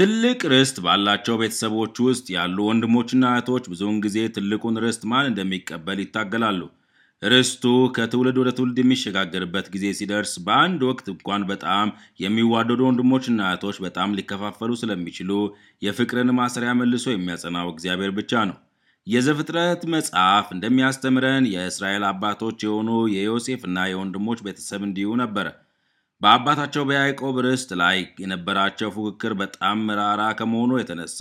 ትልቅ ርስት ባላቸው ቤተሰቦች ውስጥ ያሉ ወንድሞችና እህቶች ብዙውን ጊዜ ትልቁን ርስት ማን እንደሚቀበል ይታገላሉ። ርስቱ ከትውልድ ወደ ትውልድ የሚሸጋገርበት ጊዜ ሲደርስ በአንድ ወቅት እንኳን በጣም የሚዋደዱ ወንድሞችና እህቶች በጣም ሊከፋፈሉ ስለሚችሉ የፍቅርን ማሰሪያ መልሶ የሚያጸናው እግዚአብሔር ብቻ ነው። የዘፍጥረት መጽሐፍ እንደሚያስተምረን የእስራኤል አባቶች የሆኑ የዮሴፍና የወንድሞች ቤተሰብ እንዲሁ ነበረ። በአባታቸው በያዕቆብ ርስት ላይ የነበራቸው ፉክክር በጣም መራራ ከመሆኑ የተነሳ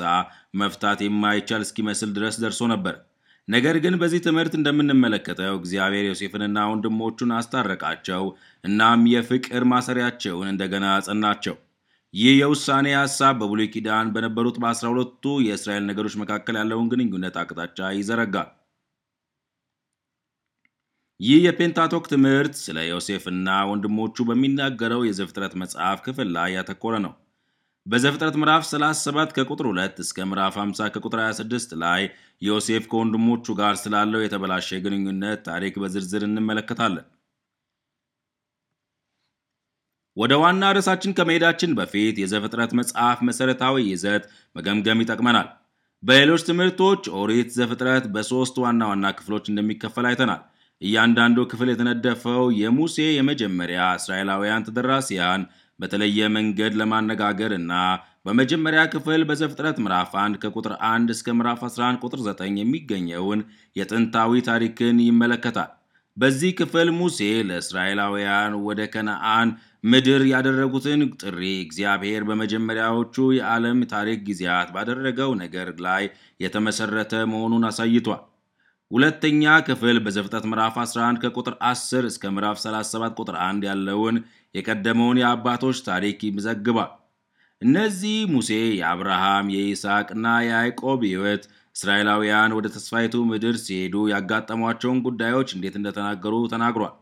መፍታት የማይቻል እስኪመስል ድረስ ደርሶ ነበር። ነገር ግን በዚህ ትምህርት እንደምንመለከተው እግዚአብሔር ዮሴፍንና ወንድሞቹን አስታረቃቸው፣ እናም የፍቅር ማሰሪያቸውን እንደገና አጸናቸው። ይህ የውሳኔ ሐሳብ በብሉይ ኪዳን በነበሩት በአስራ ሁለቱ የእስራኤል ነገዶች መካከል ያለውን ግንኙነት አቅጣጫ ይዘረጋል። ይህ የፔንታቶክ ትምህርት ስለ ዮሴፍና ወንድሞቹ በሚናገረው የዘፍጥረት መጽሐፍ ክፍል ላይ ያተኮረ ነው። በዘፍጥረት ምዕራፍ 37 ከቁጥር 2 እስከ ምዕራፍ 50 ከቁጥር 26 ላይ ዮሴፍ ከወንድሞቹ ጋር ስላለው የተበላሸ ግንኙነት ታሪክ በዝርዝር እንመለከታለን። ወደ ዋና ርዕሳችን ከመሄዳችን በፊት የዘፍጥረት መጽሐፍ መሠረታዊ ይዘት መገምገም ይጠቅመናል። በሌሎች ትምህርቶች ኦሪት ዘፍጥረት በሦስት ዋና ዋና ክፍሎች እንደሚከፈል አይተናል። እያንዳንዱ ክፍል የተነደፈው የሙሴ የመጀመሪያ እስራኤላውያን ተደራሲያን በተለየ መንገድ ለማነጋገር እና በመጀመሪያ ክፍል በዘፍጥረት ምዕራፍ 1 ከቁጥር 1 እስከ ምዕራፍ 11 ቁጥር 9 የሚገኘውን የጥንታዊ ታሪክን ይመለከታል። በዚህ ክፍል ሙሴ ለእስራኤላውያን ወደ ከነአን ምድር ያደረጉትን ጥሪ እግዚአብሔር በመጀመሪያዎቹ የዓለም ታሪክ ጊዜያት ባደረገው ነገር ላይ የተመሠረተ መሆኑን አሳይቷል። ሁለተኛ ክፍል በዘፍጥረት ምዕራፍ 11 ከቁጥር 10 እስከ ምዕራፍ 37 ቁጥር 1 ያለውን የቀደመውን የአባቶች ታሪክ ይዘግባል። እነዚህ ሙሴ የአብርሃም የይስሐቅና የያዕቆብ ሕይወት እስራኤላውያን ወደ ተስፋይቱ ምድር ሲሄዱ ያጋጠሟቸውን ጉዳዮች እንዴት እንደተናገሩ ተናግሯል።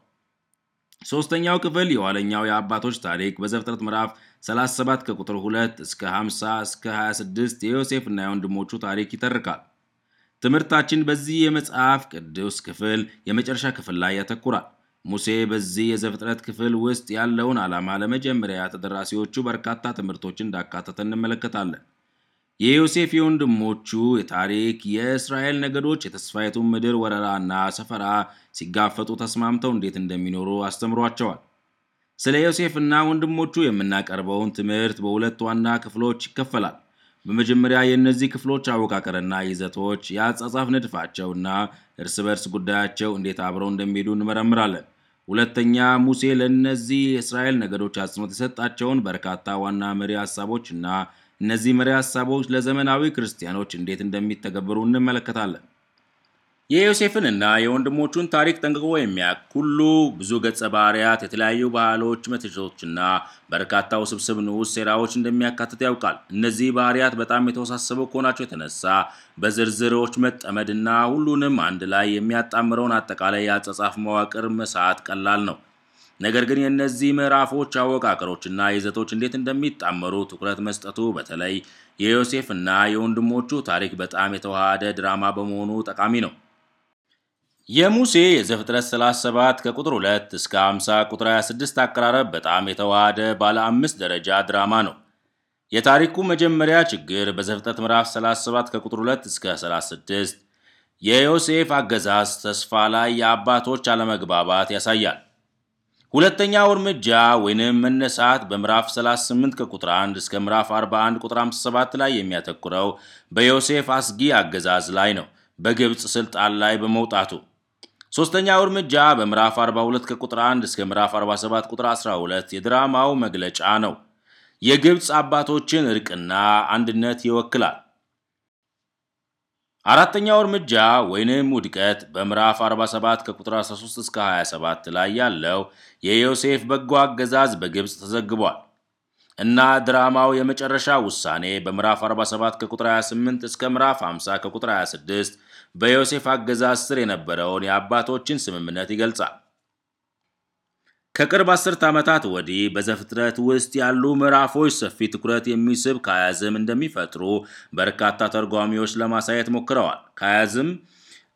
ሦስተኛው ክፍል የኋለኛው የአባቶች ታሪክ በዘፍጥረት ምዕራፍ 37 ከቁጥር 2 እስከ 50 እስከ 26 የዮሴፍና የወንድሞቹ ታሪክ ይተርካል። ትምህርታችን በዚህ የመጽሐፍ ቅዱስ ክፍል የመጨረሻ ክፍል ላይ ያተኩራል። ሙሴ በዚህ የዘፍጥረት ክፍል ውስጥ ያለውን ዓላማ ለመጀመሪያ ተደራሲዎቹ በርካታ ትምህርቶች እንዳካተተ እንመለከታለን። የዮሴፍ የወንድሞቹ የታሪክ የእስራኤል ነገዶች የተስፋይቱን ምድር ወረራና ሰፈራ ሲጋፈጡ ተስማምተው እንዴት እንደሚኖሩ አስተምሯቸዋል። ስለ ዮሴፍና ወንድሞቹ የምናቀርበውን ትምህርት በሁለት ዋና ክፍሎች ይከፈላል። በመጀመሪያ የእነዚህ ክፍሎች አወቃቀርና ይዘቶች፣ የአጻጻፍ ንድፋቸውና እርስ በርስ ጉዳያቸው እንዴት አብረው እንደሚሄዱ እንመረምራለን። ሁለተኛ፣ ሙሴ ለእነዚህ የእስራኤል ነገዶች አጽንኦት የሰጣቸውን በርካታ ዋና መሪ ሀሳቦች እና እነዚህ መሪ ሀሳቦች ለዘመናዊ ክርስቲያኖች እንዴት እንደሚተገበሩ እንመለከታለን። የዮሴፍንና የወንድሞቹን ታሪክ ጠንቅቆ የሚያውቅ ሁሉ ብዙ ገጸ ባህርያት፣ የተለያዩ ባህሎች፣ መተቸቶችና በርካታ ውስብስብ ንዑስ ሴራዎች እንደሚያካትት ያውቃል። እነዚህ ባህርያት በጣም የተወሳሰቡ ከሆናቸው የተነሳ በዝርዝሮች መጠመድና ሁሉንም አንድ ላይ የሚያጣምረውን አጠቃላይ የአጸጻፍ መዋቅር መሳት ቀላል ነው። ነገር ግን የእነዚህ ምዕራፎች አወቃቀሮችና ይዘቶች እንዴት እንደሚጣመሩ ትኩረት መስጠቱ በተለይ የዮሴፍና የወንድሞቹ ታሪክ በጣም የተዋሃደ ድራማ በመሆኑ ጠቃሚ ነው። የሙሴ የዘፍጥረት 37 ከቁጥር 2 እስከ 50 ቁጥር 26 አቀራረብ በጣም የተዋሃደ ባለ አምስት ደረጃ ድራማ ነው። የታሪኩ መጀመሪያ ችግር በዘፍጥረት ምዕራፍ 37 ከቁጥር 2 እስከ 36 የዮሴፍ አገዛዝ ተስፋ ላይ የአባቶች አለመግባባት ያሳያል። ሁለተኛው እርምጃ ወይንም መነሳት በምዕራፍ 38 ከቁጥር 1 እስከ ምዕራፍ 41 ቁጥር 57 ላይ የሚያተኩረው በዮሴፍ አስጊ አገዛዝ ላይ ነው፣ በግብፅ ስልጣን ላይ በመውጣቱ ሦስተኛው እርምጃ በምዕራፍ 42 ከቁጥር 1 እስከ ምዕራፍ 47 ቁጥር 12 የድራማው መግለጫ ነው። የግብፅ አባቶችን እርቅና አንድነት ይወክላል። አራተኛው እርምጃ ወይንም ውድቀት በምዕራፍ 47 ከቁጥር 13 እስከ 27 ላይ ያለው የዮሴፍ በጎ አገዛዝ በግብፅ ተዘግቧል እና ድራማው የመጨረሻ ውሳኔ በምዕራፍ 47 ከቁጥር 28 እስከ ምዕራፍ 50 ከቁጥር 26 በዮሴፍ አገዛዝ ስር የነበረውን የአባቶችን ስምምነት ይገልጻል። ከቅርብ አስርት ዓመታት ወዲህ በዘፍጥረት ውስጥ ያሉ ምዕራፎች ሰፊ ትኩረት የሚስብ ከያዝም እንደሚፈጥሩ በርካታ ተርጓሚዎች ለማሳየት ሞክረዋል። ከያዝም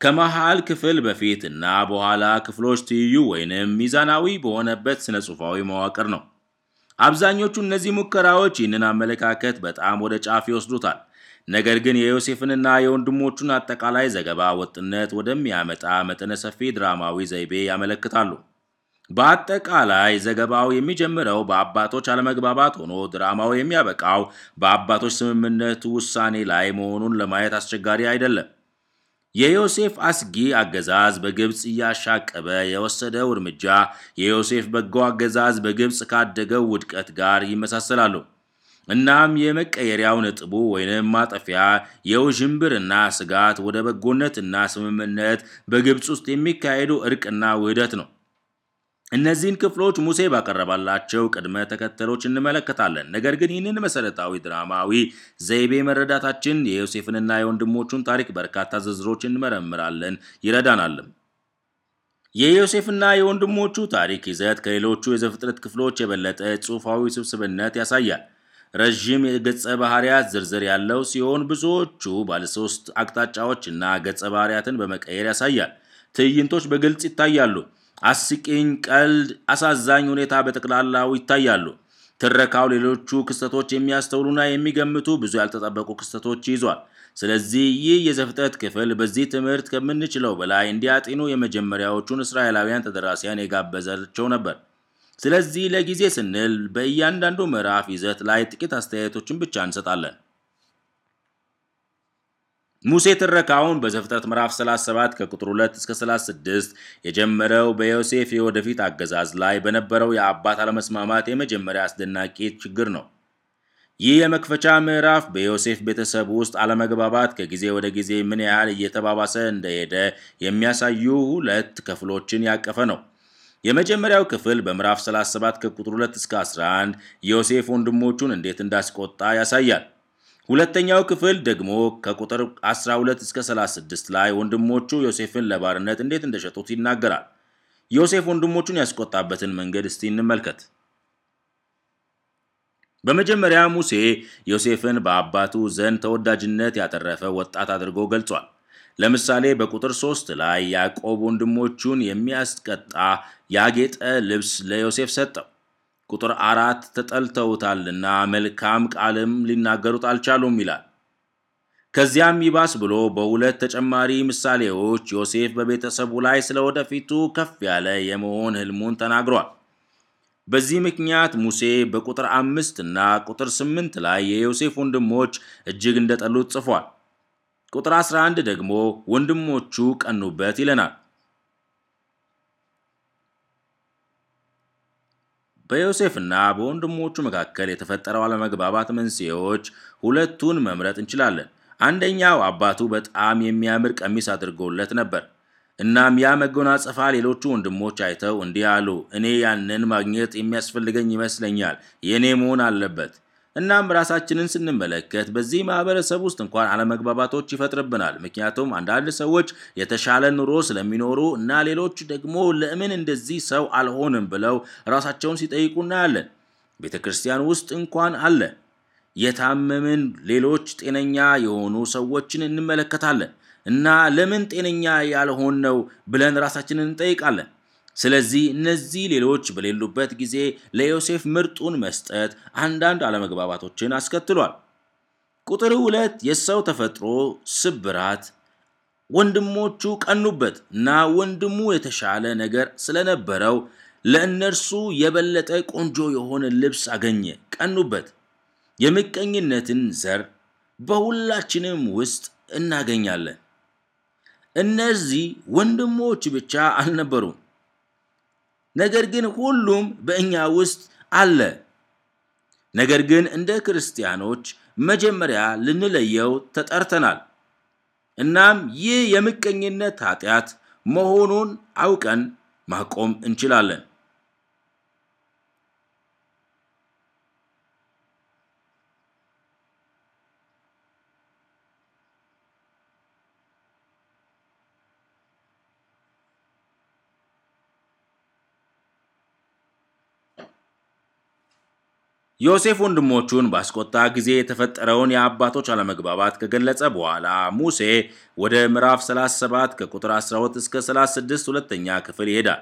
ከመሃል ክፍል በፊት እና በኋላ ክፍሎች ትይዩ ወይንም ሚዛናዊ በሆነበት ስነ ጽሑፋዊ መዋቅር ነው። አብዛኞቹ እነዚህ ሙከራዎች ይህንን አመለካከት በጣም ወደ ጫፍ ይወስዱታል። ነገር ግን የዮሴፍንና የወንድሞቹን አጠቃላይ ዘገባ ወጥነት ወደሚያመጣ መጠነ ሰፊ ድራማዊ ዘይቤ ያመለክታሉ። በአጠቃላይ ዘገባው የሚጀምረው በአባቶች አለመግባባት ሆኖ ድራማው የሚያበቃው በአባቶች ስምምነት ውሳኔ ላይ መሆኑን ለማየት አስቸጋሪ አይደለም። የዮሴፍ አስጊ አገዛዝ በግብፅ እያሻቀበ የወሰደው እርምጃ የዮሴፍ በጎ አገዛዝ በግብፅ ካደገው ውድቀት ጋር ይመሳሰላሉ። እናም የመቀየሪያው ነጥቡ ወይንም ማጠፊያ የውዥንብርና ስጋት ወደ በጎነትና ስምምነት በግብፅ ውስጥ የሚካሄዱ እርቅና ውህደት ነው። እነዚህን ክፍሎች ሙሴ ባቀረባላቸው ቅድመ ተከተሎች እንመለከታለን። ነገር ግን ይህንን መሰረታዊ ድራማዊ ዘይቤ መረዳታችን የዮሴፍንና የወንድሞቹን ታሪክ በርካታ ዝርዝሮች እንመረምራለን ይረዳናልም። የዮሴፍና የወንድሞቹ ታሪክ ይዘት ከሌሎቹ የዘፍጥረት ክፍሎች የበለጠ ጽሑፋዊ ስብስብነት ያሳያል። ረዥም የገጸ ባህሪያት ዝርዝር ያለው ሲሆን ብዙዎቹ ባለሶስት አቅጣጫዎች እና ገጸ ባህሪያትን በመቀየር ያሳያል። ትዕይንቶች በግልጽ ይታያሉ። አስቂኝ፣ ቀልድ፣ አሳዛኝ ሁኔታ በጠቅላላው ይታያሉ። ትረካው ሌሎቹ ክስተቶች የሚያስተውሉና የሚገምቱ ብዙ ያልተጠበቁ ክስተቶች ይዟል። ስለዚህ ይህ የዘፍጥረት ክፍል በዚህ ትምህርት ከምንችለው በላይ እንዲያጤኑ የመጀመሪያዎቹን እስራኤላውያን ተደራሲያን የጋበዛቸው ነበር። ስለዚህ ለጊዜ ስንል በእያንዳንዱ ምዕራፍ ይዘት ላይ ጥቂት አስተያየቶችን ብቻ እንሰጣለን። ሙሴ ትረካውን በዘፍጥረት ምዕራፍ 37 ከቁጥር 2 እስከ 36 የጀመረው በዮሴፍ የወደፊት አገዛዝ ላይ በነበረው የአባት አለመስማማት የመጀመሪያ አስደናቂ ችግር ነው። ይህ የመክፈቻ ምዕራፍ በዮሴፍ ቤተሰብ ውስጥ አለመግባባት ከጊዜ ወደ ጊዜ ምን ያህል እየተባባሰ እንደሄደ የሚያሳዩ ሁለት ክፍሎችን ያቀፈ ነው። የመጀመሪያው ክፍል በምዕራፍ 37 ከቁጥር 2 እስከ 11 ዮሴፍ ወንድሞቹን እንዴት እንዳስቆጣ ያሳያል። ሁለተኛው ክፍል ደግሞ ከቁጥር 12 እስከ 36 ላይ ወንድሞቹ ዮሴፍን ለባርነት እንዴት እንደሸጡት ይናገራል። ዮሴፍ ወንድሞቹን ያስቆጣበትን መንገድ እስቲ እንመልከት። በመጀመሪያ ሙሴ ዮሴፍን በአባቱ ዘንድ ተወዳጅነት ያተረፈ ወጣት አድርጎ ገልጿል። ለምሳሌ በቁጥር 3 ላይ ያዕቆብ ወንድሞቹን የሚያስቀጣ ያጌጠ ልብስ ለዮሴፍ ሰጠው። ቁጥር አራት ተጠልተውታልና መልካም ቃልም ሊናገሩት አልቻሉም ይላል። ከዚያም ይባስ ብሎ በሁለት ተጨማሪ ምሳሌዎች ዮሴፍ በቤተሰቡ ላይ ስለ ወደፊቱ ከፍ ያለ የመሆን ህልሙን ተናግሯል። በዚህ ምክንያት ሙሴ በቁጥር አምስት እና ቁጥር ስምንት ላይ የዮሴፍ ወንድሞች እጅግ እንደጠሉት ጽፏል። ቁጥር 11 ደግሞ ወንድሞቹ ቀኑበት ይለናል። በዮሴፍና በወንድሞቹ መካከል የተፈጠረው አለመግባባት መንስኤዎች ሁለቱን መምረጥ እንችላለን። አንደኛው አባቱ በጣም የሚያምር ቀሚስ አድርጎለት ነበር። እናም ያ መጎናጸፊያ ሌሎቹ ወንድሞች አይተው እንዲህ አሉ፣ እኔ ያንን ማግኘት የሚያስፈልገኝ ይመስለኛል፣ የእኔ መሆን አለበት። እናም ራሳችንን ስንመለከት በዚህ ማህበረሰብ ውስጥ እንኳን አለመግባባቶች ይፈጥርብናል። ምክንያቱም አንዳንድ ሰዎች የተሻለ ኑሮ ስለሚኖሩ እና ሌሎች ደግሞ ለምን እንደዚህ ሰው አልሆንም ብለው ራሳቸውን ሲጠይቁ እናያለን። ቤተ ክርስቲያን ውስጥ እንኳን አለ። የታመምን ሌሎች ጤነኛ የሆኑ ሰዎችን እንመለከታለን እና ለምን ጤነኛ ያልሆን ነው ብለን ራሳችንን እንጠይቃለን። ስለዚህ እነዚህ ሌሎች በሌሉበት ጊዜ ለዮሴፍ ምርጡን መስጠት አንዳንድ አለመግባባቶችን አስከትሏል። ቁጥር ሁለት የሰው ተፈጥሮ ስብራት ወንድሞቹ ቀኑበት እና ወንድሙ የተሻለ ነገር ስለነበረው ለእነርሱ የበለጠ ቆንጆ የሆነ ልብስ አገኘ። ቀኑበት። የምቀኝነትን ዘር በሁላችንም ውስጥ እናገኛለን። እነዚህ ወንድሞች ብቻ አልነበሩም። ነገር ግን ሁሉም በእኛ ውስጥ አለ። ነገር ግን እንደ ክርስቲያኖች መጀመሪያ ልንለየው ተጠርተናል። እናም ይህ የምቀኝነት ኃጢአት መሆኑን አውቀን ማቆም እንችላለን። ዮሴፍ ወንድሞቹን ባስቆጣ ጊዜ የተፈጠረውን የአባቶች አለመግባባት ከገለጸ በኋላ ሙሴ ወደ ምዕራፍ 37 ከቁጥር 12 እስከ 36 ሁለተኛ ክፍል ይሄዳል።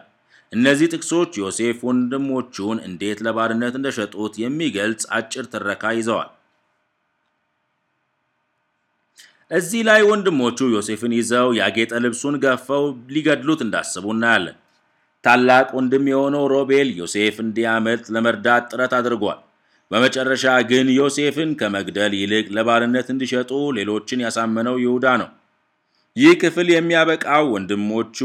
እነዚህ ጥቅሶች ዮሴፍ ወንድሞቹን እንዴት ለባርነት እንደሸጡት የሚገልጽ አጭር ትረካ ይዘዋል። እዚህ ላይ ወንድሞቹ ዮሴፍን ይዘው ያጌጠ ልብሱን ገፈው ሊገድሉት እንዳስቡ እናያለን። ታላቅ ወንድም የሆነው ሮቤል ዮሴፍ እንዲያመልጥ ለመርዳት ጥረት አድርጓል። በመጨረሻ ግን ዮሴፍን ከመግደል ይልቅ ለባርነት እንዲሸጡ ሌሎችን ያሳመነው ይሁዳ ነው። ይህ ክፍል የሚያበቃው ወንድሞቹ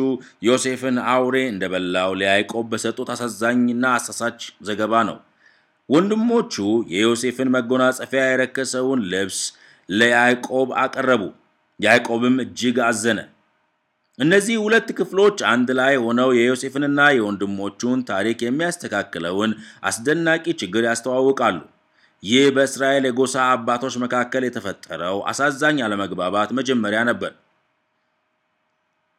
ዮሴፍን አውሬ እንደበላው ለያዕቆብ በሰጡት አሳዛኝና አሳሳች ዘገባ ነው። ወንድሞቹ የዮሴፍን መጎናጸፊያ የረከሰውን ልብስ ለያዕቆብ አቀረቡ። ያዕቆብም እጅግ አዘነ። እነዚህ ሁለት ክፍሎች አንድ ላይ ሆነው የዮሴፍንና የወንድሞቹን ታሪክ የሚያስተካክለውን አስደናቂ ችግር ያስተዋውቃሉ። ይህ በእስራኤል የጎሳ አባቶች መካከል የተፈጠረው አሳዛኝ አለመግባባት መጀመሪያ ነበር።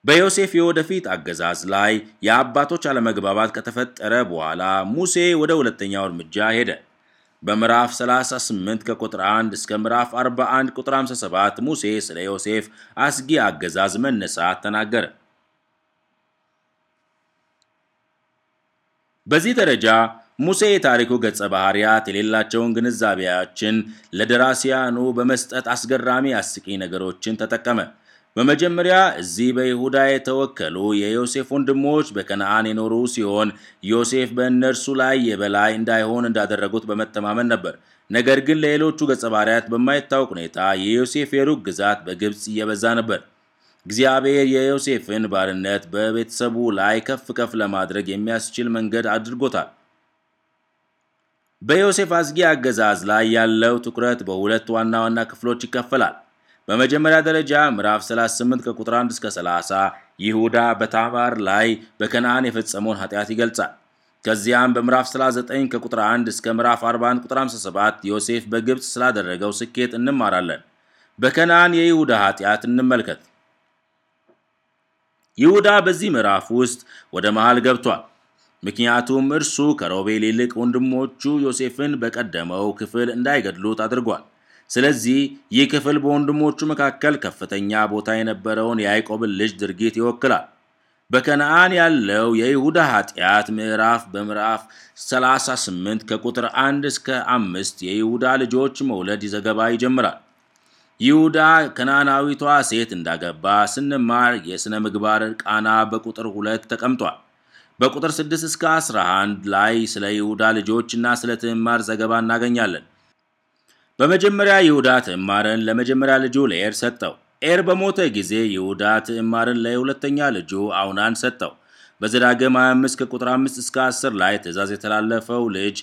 በዮሴፍ የወደፊት አገዛዝ ላይ የአባቶች አለመግባባት ከተፈጠረ በኋላ ሙሴ ወደ ሁለተኛው እርምጃ ሄደ። በምዕራፍ 38 ከቁጥር 1 እስከ ምዕራፍ 41 ቁጥር 57 ሙሴ ስለ ዮሴፍ አስጊ አገዛዝ መነሳት ተናገረ። በዚህ ደረጃ ሙሴ የታሪኩ ገጸ ባህርያት የሌላቸውን ግንዛቤያችን ለደራሲያኑ በመስጠት አስገራሚ አስቂ ነገሮችን ተጠቀመ። በመጀመሪያ እዚህ በይሁዳ የተወከሉ የዮሴፍ ወንድሞች በከነአን የኖሩ ሲሆን ዮሴፍ በእነርሱ ላይ የበላይ እንዳይሆን እንዳደረጉት በመተማመን ነበር። ነገር ግን ለሌሎቹ ገጸ ባሪያት በማይታወቅ ሁኔታ የዮሴፍ የሩቅ ግዛት በግብፅ እየበዛ ነበር። እግዚአብሔር የዮሴፍን ባርነት በቤተሰቡ ላይ ከፍ ከፍ ለማድረግ የሚያስችል መንገድ አድርጎታል። በዮሴፍ አስጊ አገዛዝ ላይ ያለው ትኩረት በሁለት ዋና ዋና ክፍሎች ይከፈላል። በመጀመሪያ ደረጃ ምዕራፍ 38 ከቁጥር 1 እስከ 30 ይሁዳ በታማር ላይ በከነዓን የፈጸመውን ኃጢአት ይገልጻል። ከዚያም በምዕራፍ 39 ከቁጥር 1 እስከ ምዕራፍ 41 ቁጥር 57 ዮሴፍ በግብፅ ስላደረገው ስኬት እንማራለን። በከነዓን የይሁዳ ኃጢአት እንመልከት። ይሁዳ በዚህ ምዕራፍ ውስጥ ወደ መሃል ገብቷል። ምክንያቱም እርሱ ከሮቤል ይልቅ ወንድሞቹ ዮሴፍን በቀደመው ክፍል እንዳይገድሉት አድርጓል። ስለዚህ ይህ ክፍል በወንድሞቹ መካከል ከፍተኛ ቦታ የነበረውን የያዕቆብን ልጅ ድርጊት ይወክላል። በከነአን ያለው የይሁዳ ኃጢአት ምዕራፍ በምዕራፍ 38 ከቁጥር 1 እስከ 5 የይሁዳ ልጆች መውለድ ዘገባ ይጀምራል። ይሁዳ ከነአናዊቷ ሴት እንዳገባ ስንማር የሥነ ምግባር ቃና በቁጥር 2 ተቀምጧል። በቁጥር 6 እስከ 11 ላይ ስለ ይሁዳ ልጆች እና ስለ ትዕማር ዘገባ እናገኛለን። በመጀመሪያ ይሁዳ ትዕማርን ለመጀመሪያ ልጁ ለኤር ሰጠው። ኤር በሞተ ጊዜ ይሁዳ ትዕማርን ለሁለተኛ ልጁ አውናን ሰጠው። በዘዳግም 25 ከቁጥር 5 እስከ 10 ላይ ትእዛዝ የተላለፈው ልጅ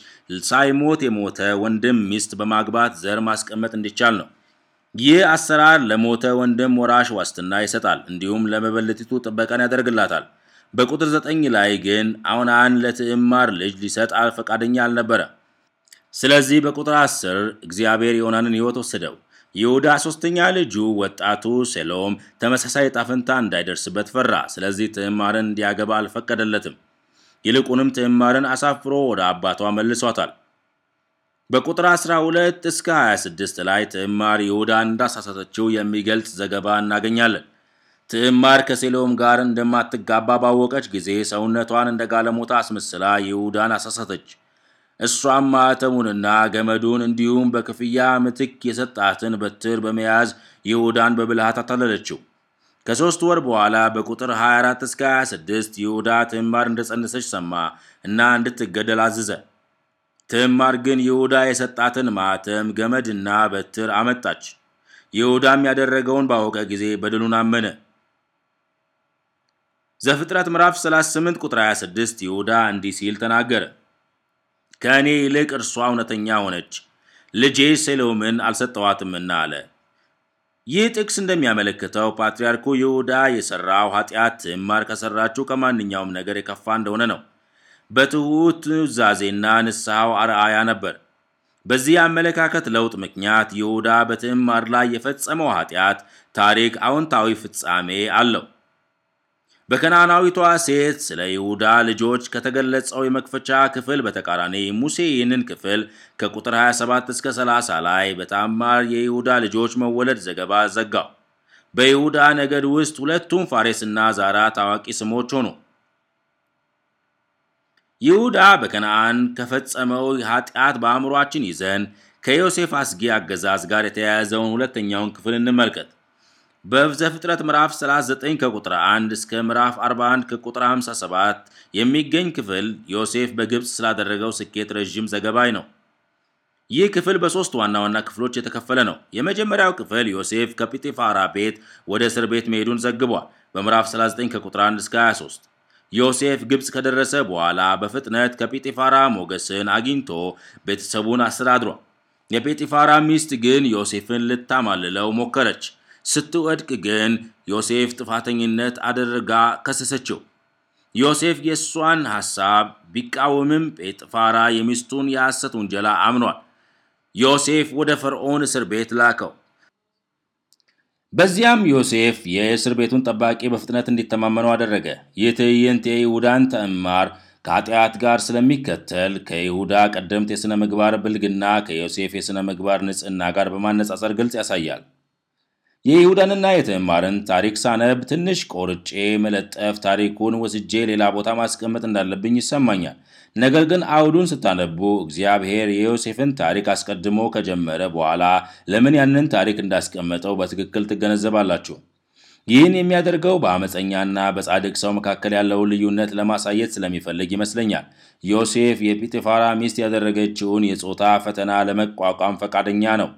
ሳይሞት የሞተ ወንድም ሚስት በማግባት ዘር ማስቀመጥ እንዲቻል ነው። ይህ አሰራር ለሞተ ወንድም ወራሽ ዋስትና ይሰጣል፣ እንዲሁም ለመበለቲቱ ጥበቃን ያደርግላታል። በቁጥር 9 ላይ ግን አውናን ለትዕማር ልጅ ሊሰጥ ፈቃደኛ አልነበረም። ስለዚህ በቁጥር አስር እግዚአብሔር የዮናንን ሕይወት ወሰደው። ይሁዳ ሦስተኛ ልጁ ወጣቱ ሴሎም ተመሳሳይ ጣፍንታ እንዳይደርስበት ፈራ። ስለዚህ ትዕማርን እንዲያገባ አልፈቀደለትም። ይልቁንም ትዕማርን አሳፍሮ ወደ አባቷ መልሷታል። በቁጥር 12 እስከ 26 ላይ ትዕማር ይሁዳ እንዳሳሳተችው የሚገልጽ ዘገባ እናገኛለን። ትዕማር ከሴሎም ጋር እንደማትጋባ ባወቀች ጊዜ ሰውነቷን እንደ ጋለሞታ አስመስላ ይሁዳን አሳሳተች። እሷም ማተሙንና ገመዱን እንዲሁም በክፍያ ምትክ የሰጣትን በትር በመያዝ ይሁዳን በብልሃት አታለለችው። ከሦስት ወር በኋላ በቁጥር 24 እስከ 26 ይሁዳ ትዕማር እንደጸነሰች ሰማ እና እንድትገደል አዘዘ። ትዕማር ግን ይሁዳ የሰጣትን ማተም ገመድና በትር አመጣች። ይሁዳም ያደረገውን ባወቀ ጊዜ በደሉን አመነ። ዘፍጥረት ምዕራፍ 38 ቁጥር 26 ይሁዳ እንዲህ ሲል ተናገረ። ከእኔ ይልቅ እርሷ እውነተኛ ሆነች፣ ልጄ ሴሎምን አልሰጠዋትምና አለ። ይህ ጥቅስ እንደሚያመለክተው ፓትርያርኩ ይሁዳ የሠራው ኃጢአት ትዕማር ከሠራችው ከማንኛውም ነገር የከፋ እንደሆነ ነው። በትሑት ዛዜና ንስሐው አርአያ ነበር። በዚህ አመለካከት ለውጥ ምክንያት ይሁዳ በትዕማር ላይ የፈጸመው ኃጢአት ታሪክ አዎንታዊ ፍጻሜ አለው። በከናናዊቷ ሴት ስለ ይሁዳ ልጆች ከተገለጸው የመክፈቻ ክፍል በተቃራኒ ሙሴ ይህንን ክፍል ከቁጥር 27 እስከ 30 ላይ በታማር የይሁዳ ልጆች መወለድ ዘገባ ዘጋው። በይሁዳ ነገድ ውስጥ ሁለቱም ፋሬስና ዛራ ታዋቂ ስሞች ሆኑ። ይሁዳ በከነአን ከፈጸመው ኃጢአት በአእምሯችን ይዘን ከዮሴፍ አስጊ አገዛዝ ጋር የተያያዘውን ሁለተኛውን ክፍል እንመልከት። ፍጥረት ምዕራፍ 39 ከቁጥር 1 እስከ ምዕራፍ 41 ከቁጥር 57 የሚገኝ ክፍል ዮሴፍ በግብፅ ስላደረገው ስኬት ረዥም ዘገባይ ነው። ይህ ክፍል በሦስት ዋና ዋና ክፍሎች የተከፈለ ነው። የመጀመሪያው ክፍል ዮሴፍ ከጲጢፋራ ቤት ወደ እስር ቤት መሄዱን ዘግቧል። በምዕራፍ 39 ከቁጥር 1 እስከ 23 ዮሴፍ ግብፅ ከደረሰ በኋላ በፍጥነት ከጲጢፋራ ሞገስን አግኝቶ ቤተሰቡን አስተዳድሯል። የጲጢፋራ ሚስት ግን ዮሴፍን ልታማልለው ሞከረች። ስትወድቅ ግን ዮሴፍ ጥፋተኝነት አድርጋ ከሰሰችው። ዮሴፍ የእሷን ሐሳብ ቢቃወምም ጴጥፋራ የሚስቱን የሐሰት ውንጀላ አምኗል። ዮሴፍ ወደ ፈርዖን እስር ቤት ላከው። በዚያም ዮሴፍ የእስር ቤቱን ጠባቂ በፍጥነት እንዲተማመነው አደረገ። ይህ ትዕይንት የይሁዳን ተዕማር ከኃጢአት ጋር ስለሚከተል ከይሁዳ ቀደምት የሥነ ምግባር ብልግና ከዮሴፍ የሥነ ምግባር ንጽሕና ጋር በማነጻጸር ግልጽ ያሳያል። የይሁዳንና የትዕማርን ታሪክ ሳነብ ትንሽ ቆርጬ መለጠፍ፣ ታሪኩን ወስጄ ሌላ ቦታ ማስቀመጥ እንዳለብኝ ይሰማኛል። ነገር ግን አውዱን ስታነቡ እግዚአብሔር የዮሴፍን ታሪክ አስቀድሞ ከጀመረ በኋላ ለምን ያንን ታሪክ እንዳስቀመጠው በትክክል ትገነዘባላችሁ። ይህን የሚያደርገው በአመፀኛና በጻድቅ ሰው መካከል ያለውን ልዩነት ለማሳየት ስለሚፈልግ ይመስለኛል። ዮሴፍ የጲጥፋራ ሚስት ያደረገችውን የጾታ ፈተና ለመቋቋም ፈቃደኛ ነው።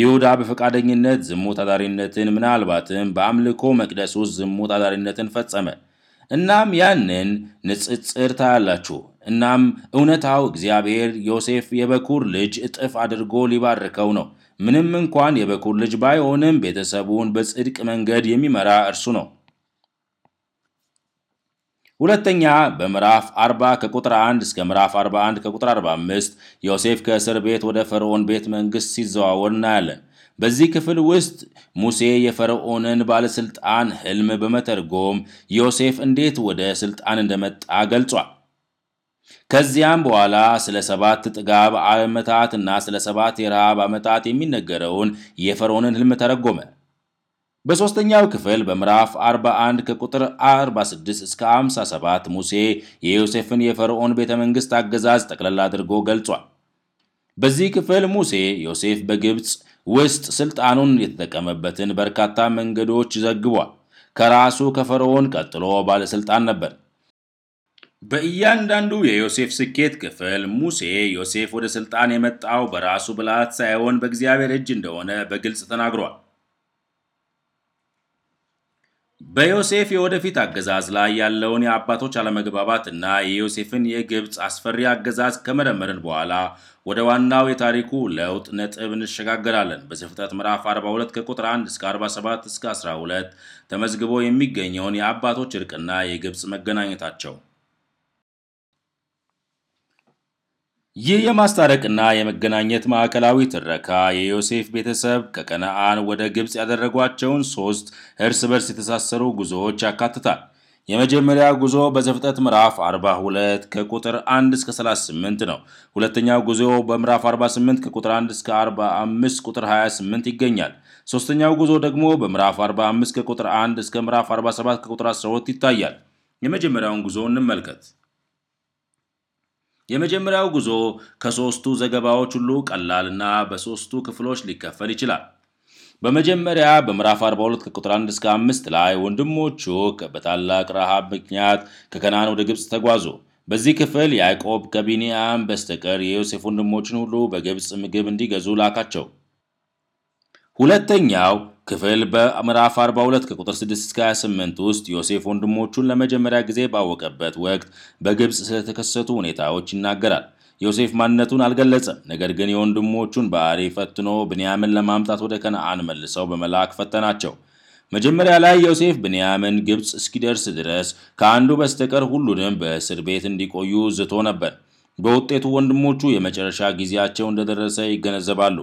ይሁዳ በፈቃደኝነት ዝሙት አዳሪነትን ምናልባትም በአምልኮ መቅደስ ውስጥ ዝሙት አዳሪነትን ፈጸመ። እናም ያንን ንጽጽር ታያላችሁ። እናም እውነታው እግዚአብሔር ዮሴፍ የበኩር ልጅ እጥፍ አድርጎ ሊባርከው ነው። ምንም እንኳን የበኩር ልጅ ባይሆንም ቤተሰቡን በጽድቅ መንገድ የሚመራ እርሱ ነው። ሁለተኛ በምዕራፍ 40 ከቁጥር 1 እስከ ምዕራፍ 41 ከቁጥር 45 ዮሴፍ ከእስር ቤት ወደ ፈርዖን ቤት መንግሥት ሲዘዋወር እናያለን። በዚህ ክፍል ውስጥ ሙሴ የፈርዖንን ባለሥልጣን ሕልም በመተርጎም ዮሴፍ እንዴት ወደ ሥልጣን እንደመጣ ገልጿል። ከዚያም በኋላ ስለ ሰባት ጥጋብ ዓመታት እና ስለ ሰባት የረሃብ ዓመታት የሚነገረውን የፈርዖንን ሕልም ተረጎመ። በሦስተኛው ክፍል በምዕራፍ 41 ከቁጥር 46 እስከ 57 ሙሴ የዮሴፍን የፈርዖን ቤተ መንግሥት አገዛዝ ጠቅለላ አድርጎ ገልጿል። በዚህ ክፍል ሙሴ ዮሴፍ በግብፅ ውስጥ ሥልጣኑን የተጠቀመበትን በርካታ መንገዶች ዘግቧል። ከራሱ ከፈርዖን ቀጥሎ ባለሥልጣን ነበር። በእያንዳንዱ የዮሴፍ ስኬት ክፍል ሙሴ ዮሴፍ ወደ ሥልጣን የመጣው በራሱ ብላት ሳይሆን በእግዚአብሔር እጅ እንደሆነ በግልጽ ተናግሯል። በዮሴፍ የወደፊት አገዛዝ ላይ ያለውን የአባቶች አለመግባባት እና የዮሴፍን የግብፅ አስፈሪ አገዛዝ ከመረመርን በኋላ ወደ ዋናው የታሪኩ ለውጥ ነጥብ እንሸጋገራለን። በዘፍጥረት ምዕራፍ 42 ከቁጥር 1 እስከ 47 እስከ 12 ተመዝግቦ የሚገኘውን የአባቶች እርቅና የግብፅ መገናኘታቸው ይህ የማስታረቅና የመገናኘት ማዕከላዊ ትረካ የዮሴፍ ቤተሰብ ከቀነአን ወደ ግብፅ ያደረጓቸውን ሦስት እርስ በርስ የተሳሰሩ ጉዞዎች ያካትታል። የመጀመሪያ ጉዞ በዘፍጥረት ምዕራፍ 42 ከቁጥር 1 እስከ 38 ነው። ሁለተኛው ጉዞ በምዕራፍ 48 ከቁጥር 1 እስከ 45 ቁጥር 28 ይገኛል። ሦስተኛው ጉዞ ደግሞ በምዕራፍ 45 ከቁጥር 1 እስከ ምዕራፍ 47 ከቁጥር 12 ይታያል። የመጀመሪያውን ጉዞ እንመልከት። የመጀመሪያው ጉዞ ከሦስቱ ዘገባዎች ሁሉ ቀላልና በሦስቱ ክፍሎች ሊከፈል ይችላል። በመጀመሪያ በምዕራፍ 42 ከቁጥር 1 እስከ 5 ላይ ወንድሞቹ በታላቅ ረሃብ ምክንያት ከከናን ወደ ግብፅ ተጓዙ። በዚህ ክፍል ያዕቆብ ከቢንያም በስተቀር የዮሴፍ ወንድሞችን ሁሉ በግብፅ ምግብ እንዲገዙ ላካቸው። ሁለተኛው ክፍል በምዕራፍ 42 ከቁጥር 6 እስከ 28 ውስጥ ዮሴፍ ወንድሞቹን ለመጀመሪያ ጊዜ ባወቀበት ወቅት በግብፅ ስለተከሰቱ ሁኔታዎች ይናገራል። ዮሴፍ ማንነቱን አልገለጸም። ነገር ግን የወንድሞቹን ባህሪ ፈትኖ ብንያምን ለማምጣት ወደ ከነአን መልሰው በመላክ ፈተናቸው። መጀመሪያ ላይ ዮሴፍ ብንያምን ግብፅ እስኪደርስ ድረስ ከአንዱ በስተቀር ሁሉንም በእስር ቤት እንዲቆዩ ዝቶ ነበር። በውጤቱ ወንድሞቹ የመጨረሻ ጊዜያቸው እንደደረሰ ይገነዘባሉ።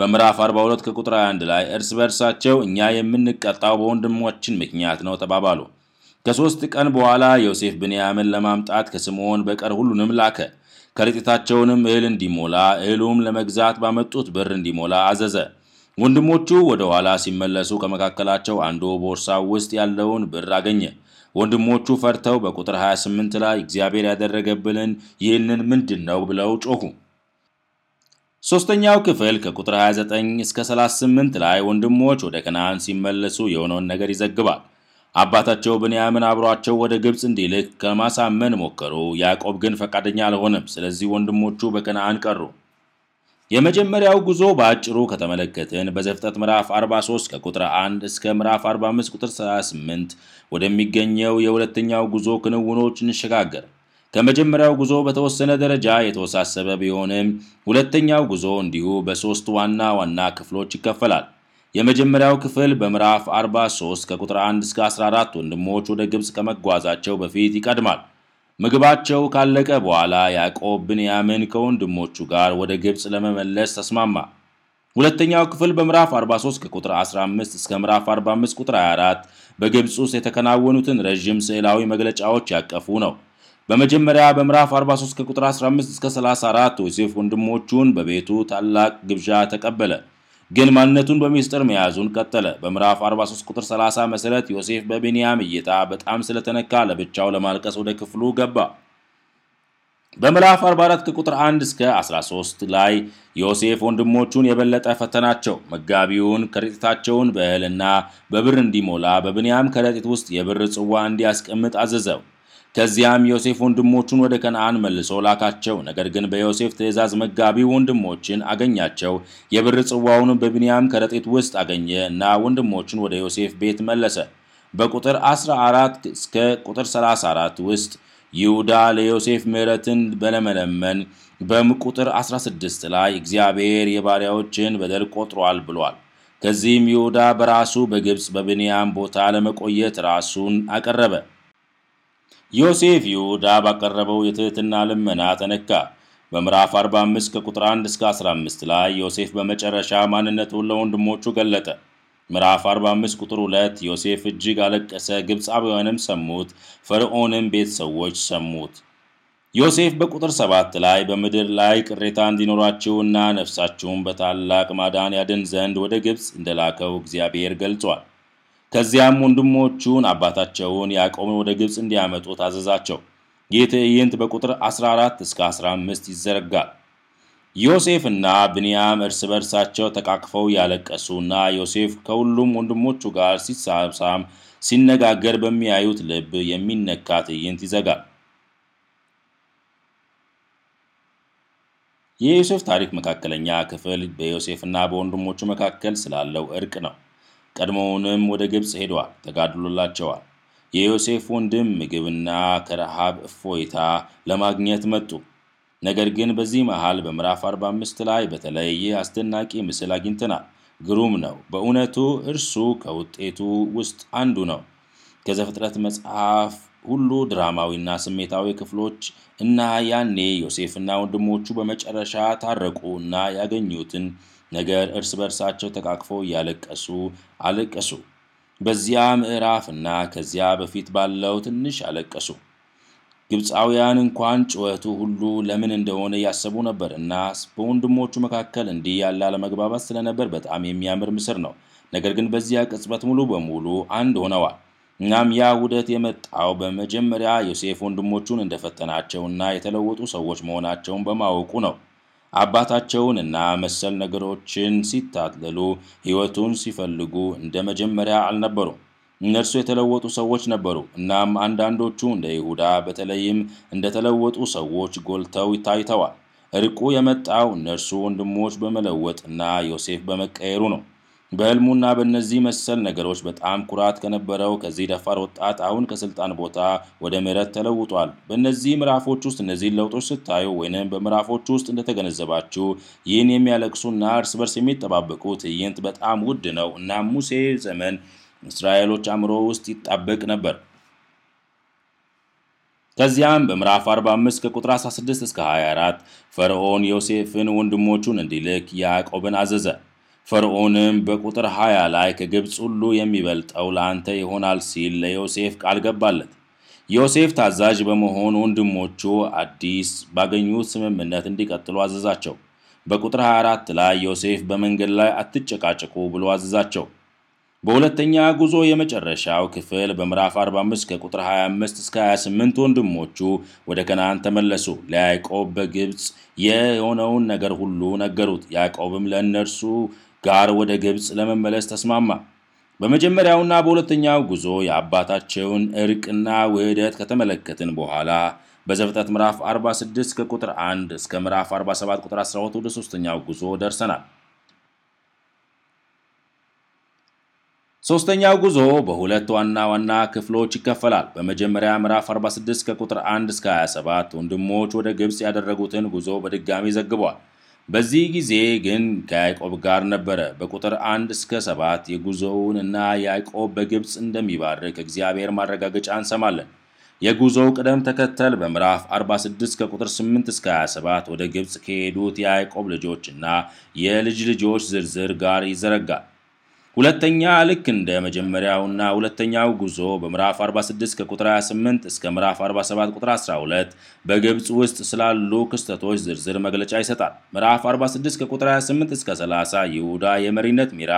በምዕራፍ 42 ከቁጥር 21 ላይ እርስ በርሳቸው እኛ የምንቀጣው በወንድሞችን ምክንያት ነው ተባባሉ። ከሦስት ቀን በኋላ ዮሴፍ ብንያምን ለማምጣት ከስምዖን በቀር ሁሉንም ላከ። ከረጢታቸውንም እህል እንዲሞላ እህሉም ለመግዛት ባመጡት ብር እንዲሞላ አዘዘ። ወንድሞቹ ወደ ኋላ ሲመለሱ ከመካከላቸው አንዱ ቦርሳው ውስጥ ያለውን ብር አገኘ። ወንድሞቹ ፈርተው በቁጥር 28 ላይ እግዚአብሔር ያደረገብንን ይህንን ምንድን ነው ብለው ጮኹ። ሶስተኛው ክፍል ከቁጥር 29 እስከ 38 ላይ ወንድሞች ወደ ከነዓን ሲመለሱ የሆነውን ነገር ይዘግባል። አባታቸው ብንያምን አብሯቸው ወደ ግብፅ እንዲልክ ከማሳመን ሞከሩ። ያዕቆብ ግን ፈቃደኛ አልሆነም። ስለዚህ ወንድሞቹ በከነዓን ቀሩ። የመጀመሪያው ጉዞ በአጭሩ ከተመለከትን በዘፍጠት ምዕራፍ 43 ከቁጥር 1 እስከ ምዕራፍ 45 ቁጥር 38 ወደሚገኘው የሁለተኛው ጉዞ ክንውኖች እንሸጋገር። ከመጀመሪያው ጉዞ በተወሰነ ደረጃ የተወሳሰበ ቢሆንም ሁለተኛው ጉዞ እንዲሁ በሦስት ዋና ዋና ክፍሎች ይከፈላል። የመጀመሪያው ክፍል በምዕራፍ 43 ከቁጥር 1 እስከ 14 ወንድሞች ወደ ግብፅ ከመጓዛቸው በፊት ይቀድማል። ምግባቸው ካለቀ በኋላ ያዕቆብ ብንያምን ከወንድሞቹ ጋር ወደ ግብፅ ለመመለስ ተስማማ። ሁለተኛው ክፍል በምዕራፍ 43 ከቁጥር 15 እስከ ምዕራፍ 45 ቁጥር 24 በግብፅ ውስጥ የተከናወኑትን ረዥም ስዕላዊ መግለጫዎች ያቀፉ ነው። በመጀመሪያ በምዕራፍ 43 ከቁጥር 15 እስከ 34 ዮሴፍ ወንድሞቹን በቤቱ ታላቅ ግብዣ ተቀበለ፣ ግን ማንነቱን በሚስጥር መያዙን ቀጠለ። በምዕራፍ 43 ቁጥር 30 መሠረት ዮሴፍ በቢንያም እይታ በጣም ስለተነካ ለብቻው ለማልቀስ ወደ ክፍሉ ገባ። በምዕራፍ 44 ከቁጥር 1 እስከ 13 ላይ ዮሴፍ ወንድሞቹን የበለጠ ፈተናቸው። መጋቢውን ከረጢታቸውን በእህልና በብር እንዲሞላ በብንያም ከረጢት ውስጥ የብር ጽዋ እንዲያስቀምጥ አዘዘው። ከዚያም ዮሴፍ ወንድሞቹን ወደ ከነአን መልሶ ላካቸው። ነገር ግን በዮሴፍ ትእዛዝ መጋቢ ወንድሞችን አገኛቸው። የብር ጽዋውን በብንያም ከረጢት ውስጥ አገኘ እና ወንድሞቹን ወደ ዮሴፍ ቤት መለሰ። በቁጥር 14 እስከ ቁጥር 34 ውስጥ ይሁዳ ለዮሴፍ ምሕረትን በለመለመን በቁጥር 16 ላይ እግዚአብሔር የባሪያዎችን በደል ቆጥሯል ብሏል። ከዚህም ይሁዳ በራሱ በግብፅ በብንያም ቦታ ለመቆየት ራሱን አቀረበ። ዮሴፍ ይሁዳ ባቀረበው የትህትና ልመና ተነካ። በምዕራፍ 45 ከቁጥር 1 እስከ 15 ላይ ዮሴፍ በመጨረሻ ማንነቱን ለወንድሞቹ ገለጠ። ምዕራፍ 45 ቁጥር 2 ዮሴፍ እጅግ አለቀሰ፣ ግብፃውያንም ሰሙት፣ ፈርዖንም ቤት ሰዎች ሰሙት። ዮሴፍ በቁጥር 7 ላይ በምድር ላይ ቅሬታ እንዲኖራችሁና ነፍሳችሁን በታላቅ ማዳን ያድን ዘንድ ወደ ግብፅ እንደላከው እግዚአብሔር ገልጿል። ከዚያም ወንድሞቹን አባታቸውን ያዕቆብን ወደ ግብፅ እንዲያመጡ ታዘዛቸው። ይህ ትዕይንት በቁጥር 14 እስከ 15 ይዘረጋል። ዮሴፍና ብንያም እርስ በርሳቸው ተቃቅፈው ያለቀሱና ዮሴፍ ከሁሉም ወንድሞቹ ጋር ሲሳብሳም ሲነጋገር በሚያዩት ልብ የሚነካ ትዕይንት ይዘጋል። የዮሴፍ ታሪክ መካከለኛ ክፍል በዮሴፍና በወንድሞቹ መካከል ስላለው እርቅ ነው። ቀድሞውንም ወደ ግብፅ ሄዷል፣ ተጋድሎላቸዋል። የዮሴፍ ወንድም ምግብና ከረሃብ እፎይታ ለማግኘት መጡ። ነገር ግን በዚህ መሃል በምዕራፍ 45 ላይ በተለየ አስደናቂ ምስል አግኝተናል። ግሩም ነው። በእውነቱ እርሱ ከውጤቱ ውስጥ አንዱ ነው። ከዘፍጥረት መጽሐፍ ሁሉ ድራማዊና ስሜታዊ ክፍሎች እና ያኔ ዮሴፍና ወንድሞቹ በመጨረሻ ታረቁ እና ያገኙትን ነገር እርስ በርሳቸው ተቃቅፈው እያለቀሱ አለቀሱ። በዚያ ምዕራፍ እና ከዚያ በፊት ባለው ትንሽ አለቀሱ። ግብፃውያን እንኳን ጩኸቱ ሁሉ ለምን እንደሆነ እያሰቡ ነበር እና በወንድሞቹ መካከል እንዲህ ያለ አለመግባባት ስለነበር በጣም የሚያምር ምስር ነው። ነገር ግን በዚያ ቅጽበት ሙሉ በሙሉ አንድ ሆነዋል። እናም ያ ውህደት የመጣው በመጀመሪያ ዮሴፍ ወንድሞቹን እንደፈተናቸውና የተለወጡ ሰዎች መሆናቸውን በማወቁ ነው። አባታቸውን እና መሰል ነገሮችን ሲታለሉ ሕይወቱን ሲፈልጉ እንደ መጀመሪያ አልነበሩም። እነርሱ የተለወጡ ሰዎች ነበሩ። እናም አንዳንዶቹ እንደ ይሁዳ በተለይም እንደተለወጡ ሰዎች ጎልተው ታይተዋል። እርቁ የመጣው እነርሱ ወንድሞች በመለወጥና ዮሴፍ በመቀየሩ ነው። በሕልሙና በእነዚህ መሰል ነገሮች በጣም ኩራት ከነበረው ከዚህ ደፋር ወጣት አሁን ከስልጣን ቦታ ወደ ምሕረት ተለውጧል። በእነዚህ ምዕራፎች ውስጥ እነዚህን ለውጦች ስታዩ ወይንም በምዕራፎች ውስጥ እንደተገነዘባችሁ ይህን የሚያለቅሱና እርስ በርስ የሚጠባበቁ ትዕይንት በጣም ውድ ነው እና ሙሴ ዘመን እስራኤሎች አእምሮ ውስጥ ይጣበቅ ነበር። ከዚያም በምዕራፍ 45 ከቁጥር 16 እስከ 24 ፈርዖን ዮሴፍን ወንድሞቹን እንዲልክ ያዕቆብን አዘዘ። ፈርዖንም በቁጥር 20 ላይ ከግብፅ ሁሉ የሚበልጠው ለአንተ ይሆናል ሲል ለዮሴፍ ቃል ገባለት። ዮሴፍ ታዛዥ በመሆን ወንድሞቹ አዲስ ባገኙት ስምምነት እንዲቀጥሉ አዘዛቸው። በቁጥር 24 ላይ ዮሴፍ በመንገድ ላይ አትጨቃጭቁ ብሎ አዘዛቸው። በሁለተኛ ጉዞ የመጨረሻው ክፍል በምዕራፍ 45 ከቁጥር 25 እስከ 28 ወንድሞቹ ወደ ከናን ተመለሱ። ለያዕቆብ በግብፅ የሆነውን ነገር ሁሉ ነገሩት። ያዕቆብም ለእነርሱ ጋር ወደ ግብፅ ለመመለስ ተስማማ። በመጀመሪያውና በሁለተኛው ጉዞ የአባታቸውን እርቅና ውህደት ከተመለከትን በኋላ በዘፍጥረት ምዕራፍ 46 ከቁጥር 1 እስከ ምዕራፍ 47 ቁጥር 12 ወደ ሶስተኛው ጉዞ ደርሰናል። ሶስተኛው ጉዞ በሁለት ዋና ዋና ክፍሎች ይከፈላል። በመጀመሪያ ምዕራፍ 46 ከቁጥር 1 እስከ 27 ወንድሞች ወደ ግብፅ ያደረጉትን ጉዞ በድጋሚ ዘግቧል። በዚህ ጊዜ ግን ከያዕቆብ ጋር ነበረ። በቁጥር አንድ እስከ ሰባት የጉዞውን እና ያዕቆብ በግብፅ እንደሚባርክ እግዚአብሔር ማረጋገጫ እንሰማለን። የጉዞው ቅደም ተከተል በምዕራፍ 46 ከቁጥር 8 እስከ 27 ወደ ግብፅ ከሄዱት የያዕቆብ ልጆችና የልጅ ልጆች ዝርዝር ጋር ይዘረጋል። ሁለተኛ ልክ እንደ መጀመሪያውና ሁለተኛው ጉዞ በምዕራፍ 46 ከቁጥር 28 እስከ ምዕራፍ 47 ቁጥር 12 በግብፅ ውስጥ ስላሉ ክስተቶች ዝርዝር መግለጫ ይሰጣል። ምዕራፍ 46 ከቁጥር 28 እስከ 30 ይሁዳ የመሪነት ሚራ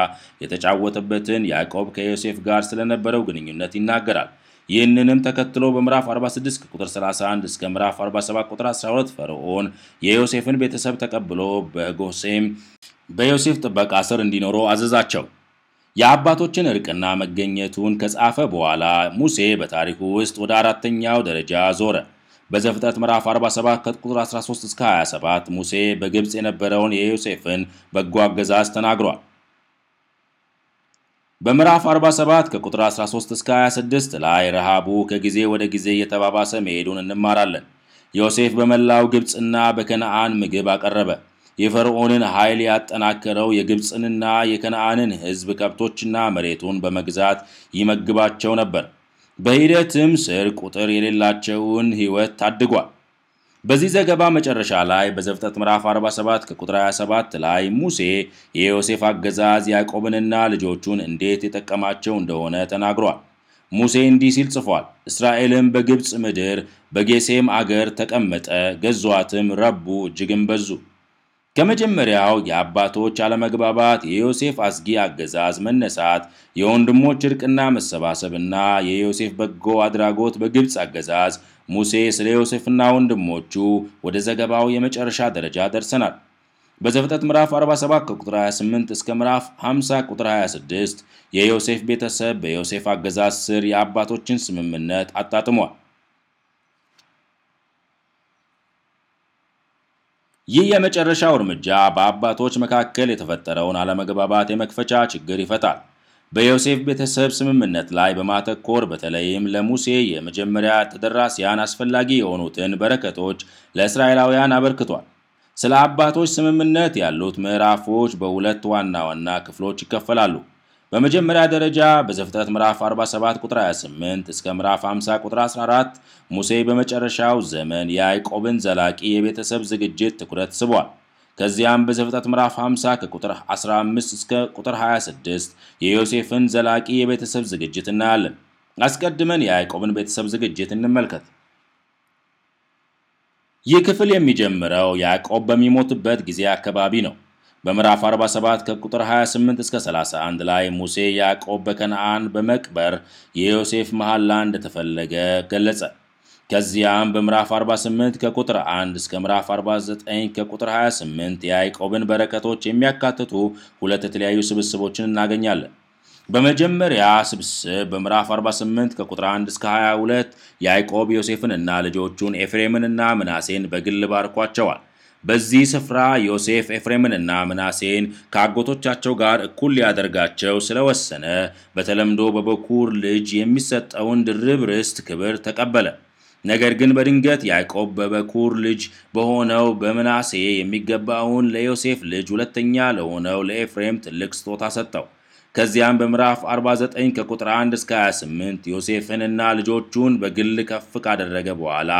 የተጫወተበትን ያዕቆብ ከዮሴፍ ጋር ስለነበረው ግንኙነት ይናገራል። ይህንንም ተከትሎ በምዕራፍ 46 ቁጥር 31 እስከ ምዕራፍ 47 ቁጥር 12 ፈርዖን የዮሴፍን ቤተሰብ ተቀብሎ በጎሴም በዮሴፍ ጥበቃ ስር እንዲኖሩ አዘዛቸው። የአባቶችን እርቅና መገኘቱን ከጻፈ በኋላ ሙሴ በታሪኩ ውስጥ ወደ አራተኛው ደረጃ ዞረ። በዘፍጥረት ምዕራፍ 47 ከቁጥር 13 እስከ 27 ሙሴ በግብፅ የነበረውን የዮሴፍን በጎ አገዛዝ ተናግሯል። በምዕራፍ 47 ከቁጥር 13 እስከ 26 ላይ ረሃቡ ከጊዜ ወደ ጊዜ እየተባባሰ መሄዱን እንማራለን። ዮሴፍ በመላው ግብፅና በከነዓን ምግብ አቀረበ። የፈርዖንን ኃይል ያጠናከረው የግብፅንና የከነአንን ሕዝብ ከብቶችና መሬቱን በመግዛት ይመግባቸው ነበር። በሂደትም ስር ቁጥር የሌላቸውን ሕይወት ታድጓል። በዚህ ዘገባ መጨረሻ ላይ በዘፍጠት ምዕራፍ 47 ከቁጥር 27 ላይ ሙሴ የዮሴፍ አገዛዝ ያዕቆብንና ልጆቹን እንዴት የጠቀማቸው እንደሆነ ተናግሯል። ሙሴ እንዲህ ሲል ጽፏል። እስራኤልም በግብፅ ምድር በጌሴም አገር ተቀመጠ፣ ገዟትም፣ ረቡ፣ እጅግም በዙ። ከመጀመሪያው የአባቶች አለመግባባት፣ የዮሴፍ አስጊ አገዛዝ መነሳት፣ የወንድሞች እርቅና መሰባሰብና የዮሴፍ በጎ አድራጎት በግብፅ አገዛዝ ሙሴ ስለ ዮሴፍና ወንድሞቹ ወደ ዘገባው የመጨረሻ ደረጃ ደርሰናል። በዘፍጥረት ምዕራፍ 47 ከቁጥር 28 እስከ ምዕራፍ 50 ቁጥር 26 የዮሴፍ ቤተሰብ በዮሴፍ አገዛዝ ስር የአባቶችን ስምምነት አጣጥሟል። ይህ የመጨረሻው እርምጃ በአባቶች መካከል የተፈጠረውን አለመግባባት የመክፈቻ ችግር ይፈታል። በዮሴፍ ቤተሰብ ስምምነት ላይ በማተኮር በተለይም ለሙሴ የመጀመሪያ ተደራሲያን አስፈላጊ የሆኑትን በረከቶች ለእስራኤላውያን አበርክቷል። ስለ አባቶች ስምምነት ያሉት ምዕራፎች በሁለት ዋና ዋና ክፍሎች ይከፈላሉ። በመጀመሪያ ደረጃ በዘፍጥረት ምዕራፍ 47 ቁጥር 28 እስከ ምዕራፍ 50 ቁጥር 14 ሙሴ በመጨረሻው ዘመን የያዕቆብን ዘላቂ የቤተሰብ ዝግጅት ትኩረት ስቧል። ከዚያም በዘፍጥረት ምዕራፍ 50 ከቁጥር 15 እስከ ቁጥር 26 የዮሴፍን ዘላቂ የቤተሰብ ዝግጅት እናያለን። አስቀድመን የያዕቆብን ቤተሰብ ዝግጅት እንመልከት። ይህ ክፍል የሚጀምረው ያዕቆብ በሚሞትበት ጊዜ አካባቢ ነው። በምዕራፍ 47 ከቁጥር 28 እስከ 31 ላይ ሙሴ ያዕቆብ በከነአን በመቅበር የዮሴፍ መሐላ እንደተፈለገ ገለጸ። ከዚያም በምዕራፍ 48 ከቁጥር 1 እስከ ምዕራፍ 49 ከቁጥር 28 የያዕቆብን በረከቶች የሚያካትቱ ሁለት የተለያዩ ስብስቦችን እናገኛለን። በመጀመሪያ ስብስብ በምዕራፍ 48 ከቁጥር 1 እስከ 22 ያዕቆብ ዮሴፍንና ልጆቹን ኤፍሬምንና ምናሴን በግል ባርኳቸዋል። በዚህ ስፍራ ዮሴፍ ኤፍሬምንና ምናሴን ከአጎቶቻቸው ጋር እኩል ሊያደርጋቸው ስለወሰነ በተለምዶ በበኩር ልጅ የሚሰጠውን ድርብ ርስት ክብር ተቀበለ። ነገር ግን በድንገት ያዕቆብ በበኩር ልጅ በሆነው በምናሴ የሚገባውን ለዮሴፍ ልጅ ሁለተኛ ለሆነው ለኤፍሬም ትልቅ ስጦታ ሰጠው። ከዚያም በምዕራፍ 49 ከቁጥር 1 እስከ 28 ዮሴፍንና ልጆቹን በግል ከፍ ካደረገ በኋላ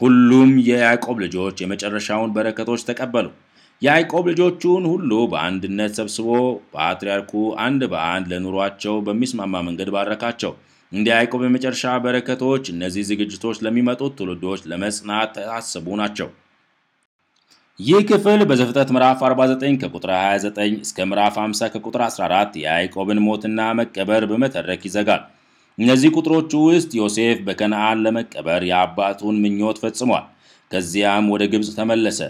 ሁሉም የያዕቆብ ልጆች የመጨረሻውን በረከቶች ተቀበሉ። ያዕቆብ ልጆቹን ሁሉ በአንድነት ሰብስቦ ፓትርያርኩ አንድ በአንድ ለኑሯቸው በሚስማማ መንገድ ባረካቸው። እንደ ያዕቆብ የመጨረሻ በረከቶች እነዚህ ዝግጅቶች ለሚመጡት ትውልዶች ለመጽናት ታስቡ ናቸው። ይህ ክፍል በዘፍጥረት ምዕራፍ 49 ከቁጥር 29 እስከ ምዕራፍ 50 ከቁጥር 14 የያዕቆብን ሞትና መቀበር በመተረክ ይዘጋል። እነዚህ ቁጥሮች ውስጥ ዮሴፍ በከነዓን ለመቀበር የአባቱን ምኞት ፈጽሟል። ከዚያም ወደ ግብፅ ተመለሰ።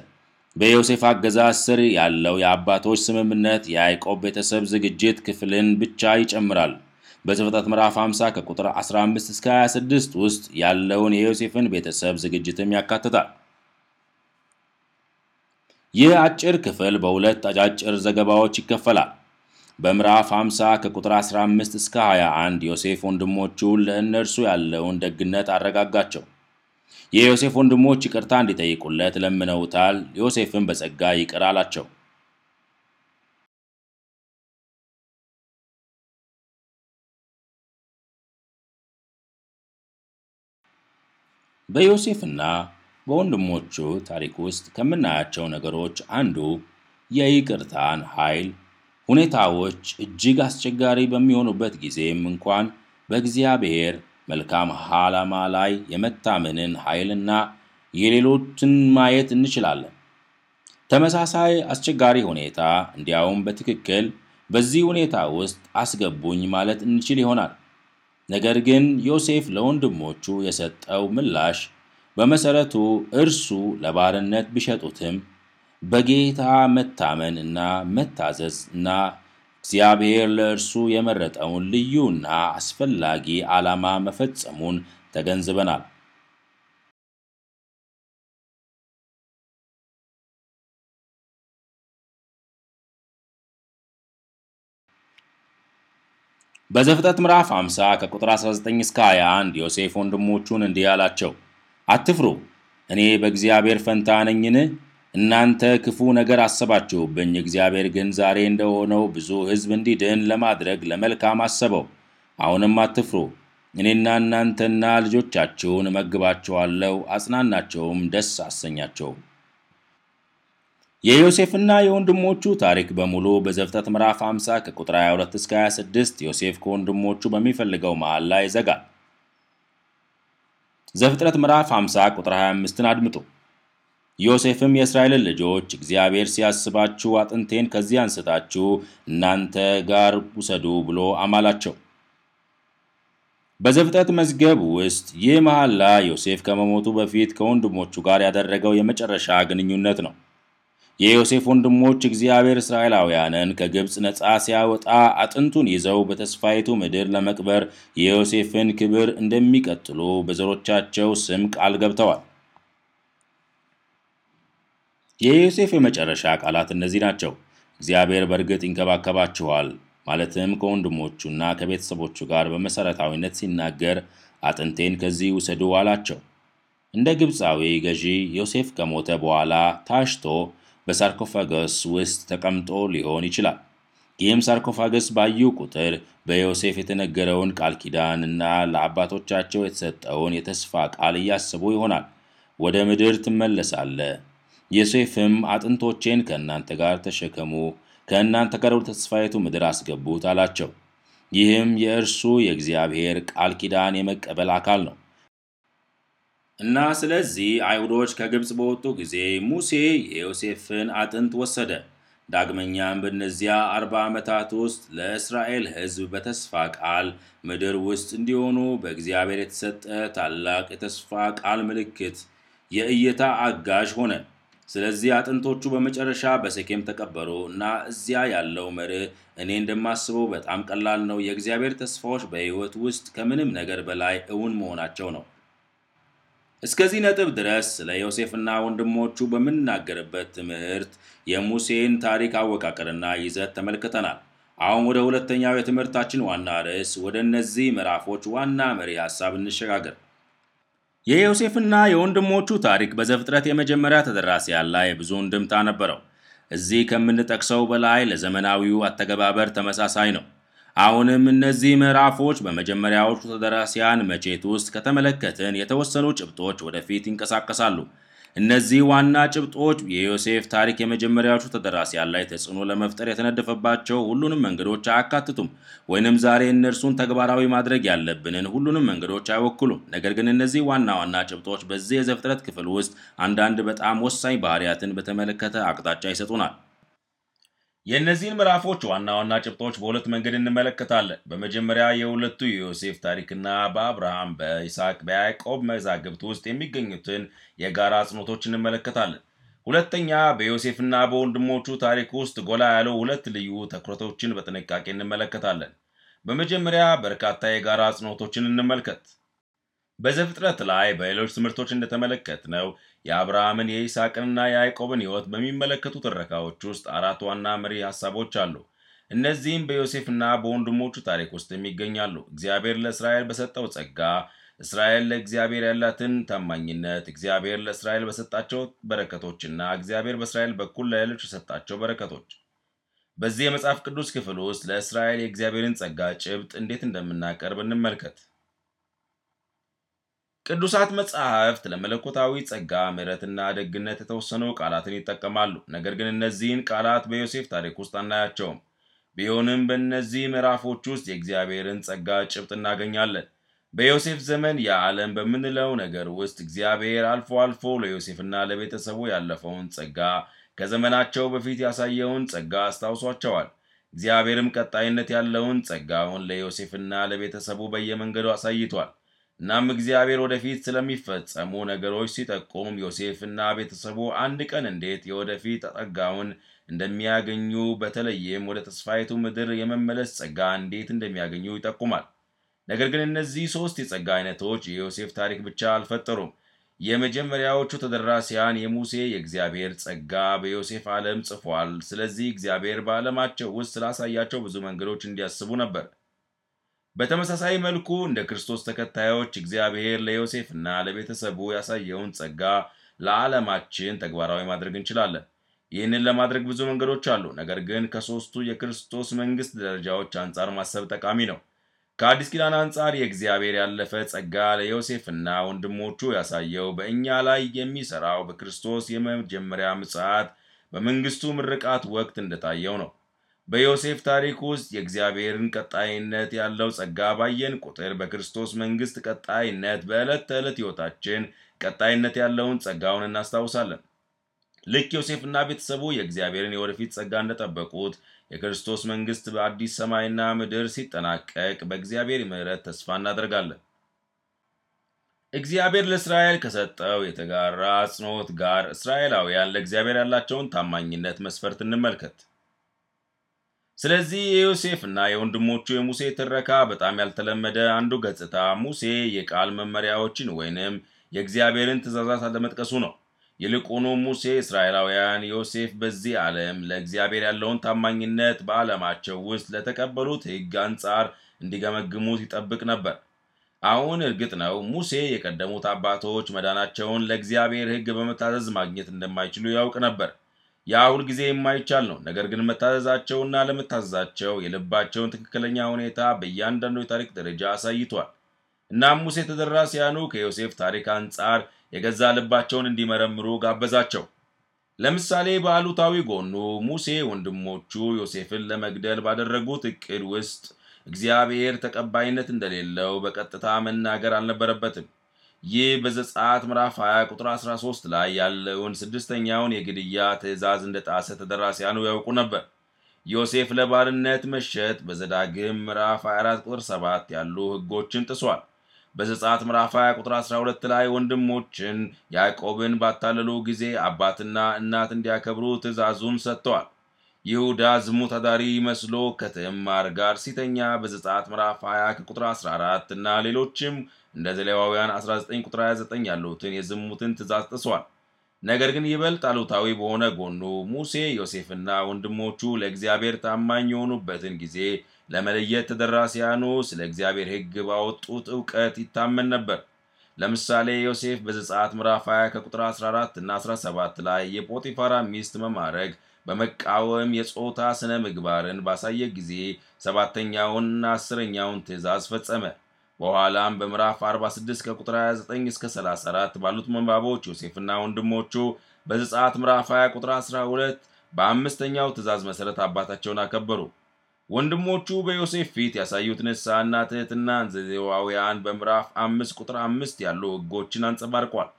በዮሴፍ አገዛዝ ስር ያለው የአባቶች ስምምነት የያዕቆብ ቤተሰብ ዝግጅት ክፍልን ብቻ ይጨምራል። በዘፍጥረት ምዕራፍ 50 ከቁጥር 15 እስከ 26 ውስጥ ያለውን የዮሴፍን ቤተሰብ ዝግጅትም ያካትታል። ይህ አጭር ክፍል በሁለት አጫጭር ዘገባዎች ይከፈላል። በምዕራፍ 50 ከቁጥር 15 እስከ 21 ዮሴፍ ወንድሞቹን ለእነርሱ ያለውን ደግነት አረጋጋቸው። የዮሴፍ ወንድሞች ይቅርታ እንዲጠይቁለት ለምነውታል። ዮሴፍን በጸጋ ይቅር አላቸው። በዮሴፍና በወንድሞቹ ታሪክ ውስጥ ከምናያቸው ነገሮች አንዱ የይቅርታን ኃይል ሁኔታዎች እጅግ አስቸጋሪ በሚሆኑበት ጊዜም እንኳን በእግዚአብሔር መልካም ዓላማ ላይ የመታመንን ኃይልና የሌሎችን ማየት እንችላለን። ተመሳሳይ አስቸጋሪ ሁኔታ እንዲያውም በትክክል በዚህ ሁኔታ ውስጥ አስገቡኝ ማለት እንችል ይሆናል። ነገር ግን ዮሴፍ ለወንድሞቹ የሰጠው ምላሽ በመሠረቱ እርሱ ለባርነት ቢሸጡትም በጌታ መታመን እና መታዘዝ እና እግዚአብሔር ለእርሱ የመረጠውን ልዩና አስፈላጊ ዓላማ መፈጸሙን ተገንዝበናል። በዘፍጠት ምዕራፍ 50 ከቁጥር 19 እስከ 21 ዮሴፍ ወንድሞቹን እንዲህ አላቸው፣ አትፍሩ፣ እኔ በእግዚአብሔር ፈንታ ነኝን? እናንተ ክፉ ነገር አሰባችሁብኝ፣ እግዚአብሔር ግን ዛሬ እንደሆነው ብዙ ሕዝብ እንዲድህን ለማድረግ ለመልካም አሰበው። አሁንም አትፍሩ፣ እኔና እናንተና ልጆቻችሁን እመግባችኋለሁ፣ አጽናናቸውም፣ ደስ አሰኛቸው። የዮሴፍና የወንድሞቹ ታሪክ በሙሉ በዘፍጠት ምዕራፍ 50 ከቁጥር 22 እስከ 26 ዮሴፍ ከወንድሞቹ በሚፈልገው መሃል ላይ ይዘጋል። ዘፍጥረት ምዕራፍ 50 ቁጥር 25ን አድምጡ። ዮሴፍም የእስራኤልን ልጆች እግዚአብሔር ሲያስባችሁ አጥንቴን ከዚህ አንስታችሁ እናንተ ጋር ውሰዱ ብሎ አማላቸው። በዘፍጠት መዝገብ ውስጥ ይህ መሐላ ዮሴፍ ከመሞቱ በፊት ከወንድሞቹ ጋር ያደረገው የመጨረሻ ግንኙነት ነው። የዮሴፍ ወንድሞች እግዚአብሔር እስራኤላውያንን ከግብፅ ነፃ ሲያወጣ አጥንቱን ይዘው በተስፋይቱ ምድር ለመቅበር የዮሴፍን ክብር እንደሚቀጥሉ በዘሮቻቸው ስም ቃል ገብተዋል። የዮሴፍ የመጨረሻ ቃላት እነዚህ ናቸው። እግዚአብሔር በእርግጥ ይንከባከባችኋል ማለትም ከወንድሞቹና ከቤተሰቦቹ ጋር በመሠረታዊነት ሲናገር አጥንቴን ከዚህ ውሰዱ አላቸው። እንደ ግብፃዊ ገዢ ዮሴፍ ከሞተ በኋላ ታሽቶ በሳርኮፋገስ ውስጥ ተቀምጦ ሊሆን ይችላል። ይህም ሳርኮፋገስ ባዩ ቁጥር በዮሴፍ የተነገረውን ቃል ኪዳን እና ለአባቶቻቸው የተሰጠውን የተስፋ ቃል እያስቡ ይሆናል። ወደ ምድር ትመለሳለህ ዮሴፍም አጥንቶቼን ከእናንተ ጋር ተሸከሙ፣ ከእናንተ ጋር ወደ ተስፋይቱ ምድር አስገቡት አላቸው። ይህም የእርሱ የእግዚአብሔር ቃል ኪዳን የመቀበል አካል ነው እና ስለዚህ አይሁዶች ከግብፅ በወጡ ጊዜ ሙሴ የዮሴፍን አጥንት ወሰደ። ዳግመኛም በእነዚያ አርባ ዓመታት ውስጥ ለእስራኤል ሕዝብ በተስፋ ቃል ምድር ውስጥ እንዲሆኑ በእግዚአብሔር የተሰጠ ታላቅ የተስፋ ቃል ምልክት የእይታ አጋዥ ሆነ። ስለዚህ አጥንቶቹ በመጨረሻ በሴኬም ተቀበሩ እና እዚያ ያለው መርህ እኔ እንደማስበው በጣም ቀላል ነው። የእግዚአብሔር ተስፋዎች በሕይወት ውስጥ ከምንም ነገር በላይ እውን መሆናቸው ነው። እስከዚህ ነጥብ ድረስ ስለ ዮሴፍና ወንድሞቹ በምንናገርበት ትምህርት የሙሴን ታሪክ አወቃቀርና ይዘት ተመልክተናል። አሁን ወደ ሁለተኛው የትምህርታችን ዋና ርዕስ፣ ወደ እነዚህ ምዕራፎች ዋና መሪ ሀሳብ እንሸጋገር። የዮሴፍና የወንድሞቹ ታሪክ በዘፍጥረት የመጀመሪያ ተደራሲያን ላይ ብዙ እንድምታ ነበረው። እዚህ ከምንጠቅሰው በላይ ለዘመናዊው አተገባበር ተመሳሳይ ነው። አሁንም እነዚህ ምዕራፎች በመጀመሪያዎቹ ተደራሲያን መቼት ውስጥ ከተመለከትን የተወሰኑ ጭብጦች ወደፊት ይንቀሳቀሳሉ። እነዚህ ዋና ጭብጦች የዮሴፍ ታሪክ የመጀመሪያዎቹ ተደራሲያን ላይ ተጽዕኖ ለመፍጠር የተነደፈባቸው ሁሉንም መንገዶች አያካትቱም ወይንም ዛሬ እነርሱን ተግባራዊ ማድረግ ያለብንን ሁሉንም መንገዶች አይወክሉም። ነገር ግን እነዚህ ዋና ዋና ጭብጦች በዚህ የዘፍጥረት ክፍል ውስጥ አንዳንድ በጣም ወሳኝ ባህሪያትን በተመለከተ አቅጣጫ ይሰጡናል። የእነዚህን ምዕራፎች ዋና ዋና ጭብጦች በሁለት መንገድ እንመለከታለን። በመጀመሪያ የሁለቱ የዮሴፍ ታሪክና በአብርሃም በይስሐቅ፣ በያዕቆብ መዛግብት ውስጥ የሚገኙትን የጋራ አጽንኦቶች እንመለከታለን። ሁለተኛ በዮሴፍና በወንድሞቹ ታሪክ ውስጥ ጎላ ያለው ሁለት ልዩ ትኩረቶችን በጥንቃቄ እንመለከታለን። በመጀመሪያ በርካታ የጋራ አጽንኦቶችን እንመልከት። በዘፍጥረት ላይ በሌሎች ትምህርቶች እንደተመለከትነው የአብርሃምን የይስሐቅንና የያዕቆብን ሕይወት በሚመለከቱ ትረካዎች ውስጥ አራት ዋና መሪ ሐሳቦች አሉ። እነዚህም በዮሴፍና በወንድሞቹ ታሪክ ውስጥ የሚገኛሉ። እግዚአብሔር ለእስራኤል በሰጠው ጸጋ፣ እስራኤል ለእግዚአብሔር ያላትን ታማኝነት፣ እግዚአብሔር ለእስራኤል በሰጣቸው በረከቶችና እግዚአብሔር በእስራኤል በኩል ለሌሎች የሰጣቸው በረከቶች። በዚህ የመጽሐፍ ቅዱስ ክፍል ውስጥ ለእስራኤል የእግዚአብሔርን ጸጋ ጭብጥ እንዴት እንደምናቀርብ እንመልከት። ቅዱሳት መጽሐፍት ለመለኮታዊ ጸጋ ምሕረትና ደግነት የተወሰኑ ቃላትን ይጠቀማሉ። ነገር ግን እነዚህን ቃላት በዮሴፍ ታሪክ ውስጥ አናያቸውም። ቢሆንም በእነዚህ ምዕራፎች ውስጥ የእግዚአብሔርን ጸጋ ጭብጥ እናገኛለን። በዮሴፍ ዘመን የዓለም በምንለው ነገር ውስጥ እግዚአብሔር አልፎ አልፎ ለዮሴፍና ለቤተሰቡ ያለፈውን ጸጋ ከዘመናቸው በፊት ያሳየውን ጸጋ አስታውሷቸዋል። እግዚአብሔርም ቀጣይነት ያለውን ጸጋውን ለዮሴፍና ለቤተሰቡ በየመንገዱ አሳይቷል። እናም እግዚአብሔር ወደፊት ስለሚፈጸሙ ነገሮች ሲጠቁም ዮሴፍና ቤተሰቡ አንድ ቀን እንዴት የወደፊት ጸጋውን እንደሚያገኙ በተለይም ወደ ተስፋይቱ ምድር የመመለስ ጸጋ እንዴት እንደሚያገኙ ይጠቁማል። ነገር ግን እነዚህ ሦስት የጸጋ አይነቶች የዮሴፍ ታሪክ ብቻ አልፈጠሩም። የመጀመሪያዎቹ ተደራሲያን የሙሴ የእግዚአብሔር ጸጋ በዮሴፍ ዓለም ጽፏል። ስለዚህ እግዚአብሔር በዓለማቸው ውስጥ ስላሳያቸው ብዙ መንገዶች እንዲያስቡ ነበር። በተመሳሳይ መልኩ እንደ ክርስቶስ ተከታዮች እግዚአብሔር ለዮሴፍና ለቤተሰቡ ያሳየውን ጸጋ ለዓለማችን ተግባራዊ ማድረግ እንችላለን። ይህንን ለማድረግ ብዙ መንገዶች አሉ። ነገር ግን ከሦስቱ የክርስቶስ መንግሥት ደረጃዎች አንጻር ማሰብ ጠቃሚ ነው። ከአዲስ ኪዳን አንጻር የእግዚአብሔር ያለፈ ጸጋ ለዮሴፍና ወንድሞቹ ያሳየው በእኛ ላይ የሚሠራው በክርስቶስ የመጀመሪያ ምጽአት በመንግሥቱ ምርቃት ወቅት እንደታየው ነው። በዮሴፍ ታሪክ ውስጥ የእግዚአብሔርን ቀጣይነት ያለው ጸጋ ባየን ቁጥር በክርስቶስ መንግሥት ቀጣይነት በዕለት ተዕለት ሕይወታችን ቀጣይነት ያለውን ጸጋውን እናስታውሳለን። ልክ ዮሴፍና ቤተሰቡ የእግዚአብሔርን የወደፊት ጸጋ እንደጠበቁት የክርስቶስ መንግሥት በአዲስ ሰማይና ምድር ሲጠናቀቅ በእግዚአብሔር ምሕረት ተስፋ እናደርጋለን። እግዚአብሔር ለእስራኤል ከሰጠው የተጋራ አጽንኦት ጋር እስራኤላውያን ለእግዚአብሔር ያላቸውን ታማኝነት መስፈርት እንመልከት። ስለዚህ የዮሴፍና የወንድሞቹ የሙሴ ትረካ በጣም ያልተለመደ አንዱ ገጽታ ሙሴ የቃል መመሪያዎችን ወይንም የእግዚአብሔርን ትእዛዛት አለመጥቀሱ ነው። ይልቁኑ ሙሴ እስራኤላውያን ዮሴፍ በዚህ ዓለም ለእግዚአብሔር ያለውን ታማኝነት በዓለማቸው ውስጥ ለተቀበሉት ሕግ አንጻር እንዲገመግሙት ይጠብቅ ነበር። አሁን እርግጥ ነው ሙሴ የቀደሙት አባቶች መዳናቸውን ለእግዚአብሔር ሕግ በመታዘዝ ማግኘት እንደማይችሉ ያውቅ ነበር። ያ ሁልጊዜ የማይቻል ነው። ነገር ግን መታዘዛቸውና ለመታዘዛቸው የልባቸውን ትክክለኛ ሁኔታ በእያንዳንዱ የታሪክ ደረጃ አሳይቷል። እናም ሙሴ ተደራሲያኑ ከዮሴፍ ታሪክ አንጻር የገዛ ልባቸውን እንዲመረምሩ ጋበዛቸው። ለምሳሌ በአሉታዊ ጎኑ ሙሴ ወንድሞቹ ዮሴፍን ለመግደል ባደረጉት እቅድ ውስጥ እግዚአብሔር ተቀባይነት እንደሌለው በቀጥታ መናገር አልነበረበትም። ይህ በዘጸአት ምዕራፍ 20 ቁጥር 13 ላይ ያለውን ስድስተኛውን የግድያ ትእዛዝ እንደጣሰ ተደራሲያኑ ያውቁ ነበር። ዮሴፍ ለባርነት መሸጥ በዘዳግም ምዕራፍ 24 ቁጥር 7 ያሉ ሕጎችን ጥሷል። በዘጸአት ምዕራፍ 20 ቁጥር 12 ላይ ወንድሞችን ያዕቆብን ባታለሉ ጊዜ አባትና እናት እንዲያከብሩ ትእዛዙን ሰጥተዋል። ይሁዳ ዝሙት አዳሪ መስሎ ከትዕማር ጋር ሲተኛ በዘጸአት ምዕራፍ 20 ቁጥር 14 እና ሌሎችም እንደ ዘሌዋውያን 19 ቁጥር 29 ያሉትን የዝሙትን ትእዛዝ ጥሷል። ነገር ግን ይበልጥ አሉታዊ በሆነ ጎኑ ሙሴ ዮሴፍና ወንድሞቹ ለእግዚአብሔር ታማኝ የሆኑበትን ጊዜ ለመለየት ተደራሲያኑ ስለ እግዚአብሔር ሕግ ባወጡት እውቀት ይታመን ነበር። ለምሳሌ ዮሴፍ በዘጸአት ምዕራፍ 20 ከቁጥር 14 እና 17 ላይ የፖቲፋራ ሚስት መማረግ በመቃወም የጾታ ስነ ምግባርን ባሳየ ጊዜ ሰባተኛውንና አስረኛውን ትእዛዝ ፈጸመ። በኋላም በምዕራፍ 46 ከቁጥር 29 እስከ 34 ባሉት መንባቦች ዮሴፍና ወንድሞቹ በዘጸአት ምዕራፍ 20 ቁጥር 12 በአምስተኛው ትእዛዝ መሠረት አባታቸውን አከበሩ። ወንድሞቹ በዮሴፍ ፊት ያሳዩት ንስሐና ትሕትና ዘሌዋውያን በምዕራፍ 5 ቁጥር 5 ያሉ ሕጎችን አንጸባርቋል።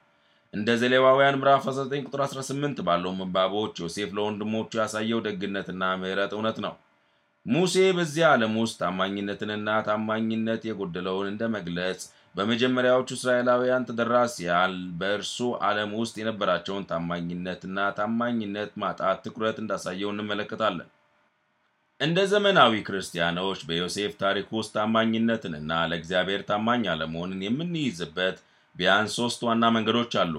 እንደ ዘሌዋውያን ምዕራፍ 19 ቁጥር 18 ባለው መንባቦች ዮሴፍ ለወንድሞቹ ያሳየው ደግነትና ምሕረት እውነት ነው። ሙሴ በዚህ ዓለም ውስጥ ታማኝነትንና ታማኝነት የጎደለውን እንደ መግለጽ በመጀመሪያዎቹ እስራኤላውያን ተደራሲያን በእርሱ ዓለም ውስጥ የነበራቸውን ታማኝነትና ታማኝነት ማጣት ትኩረት እንዳሳየው እንመለከታለን። እንደ ዘመናዊ ክርስቲያኖች በዮሴፍ ታሪክ ውስጥ ታማኝነትንና ለእግዚአብሔር ታማኝ አለመሆንን የምንይዝበት ቢያንስ ሶስት ዋና መንገዶች አሉ።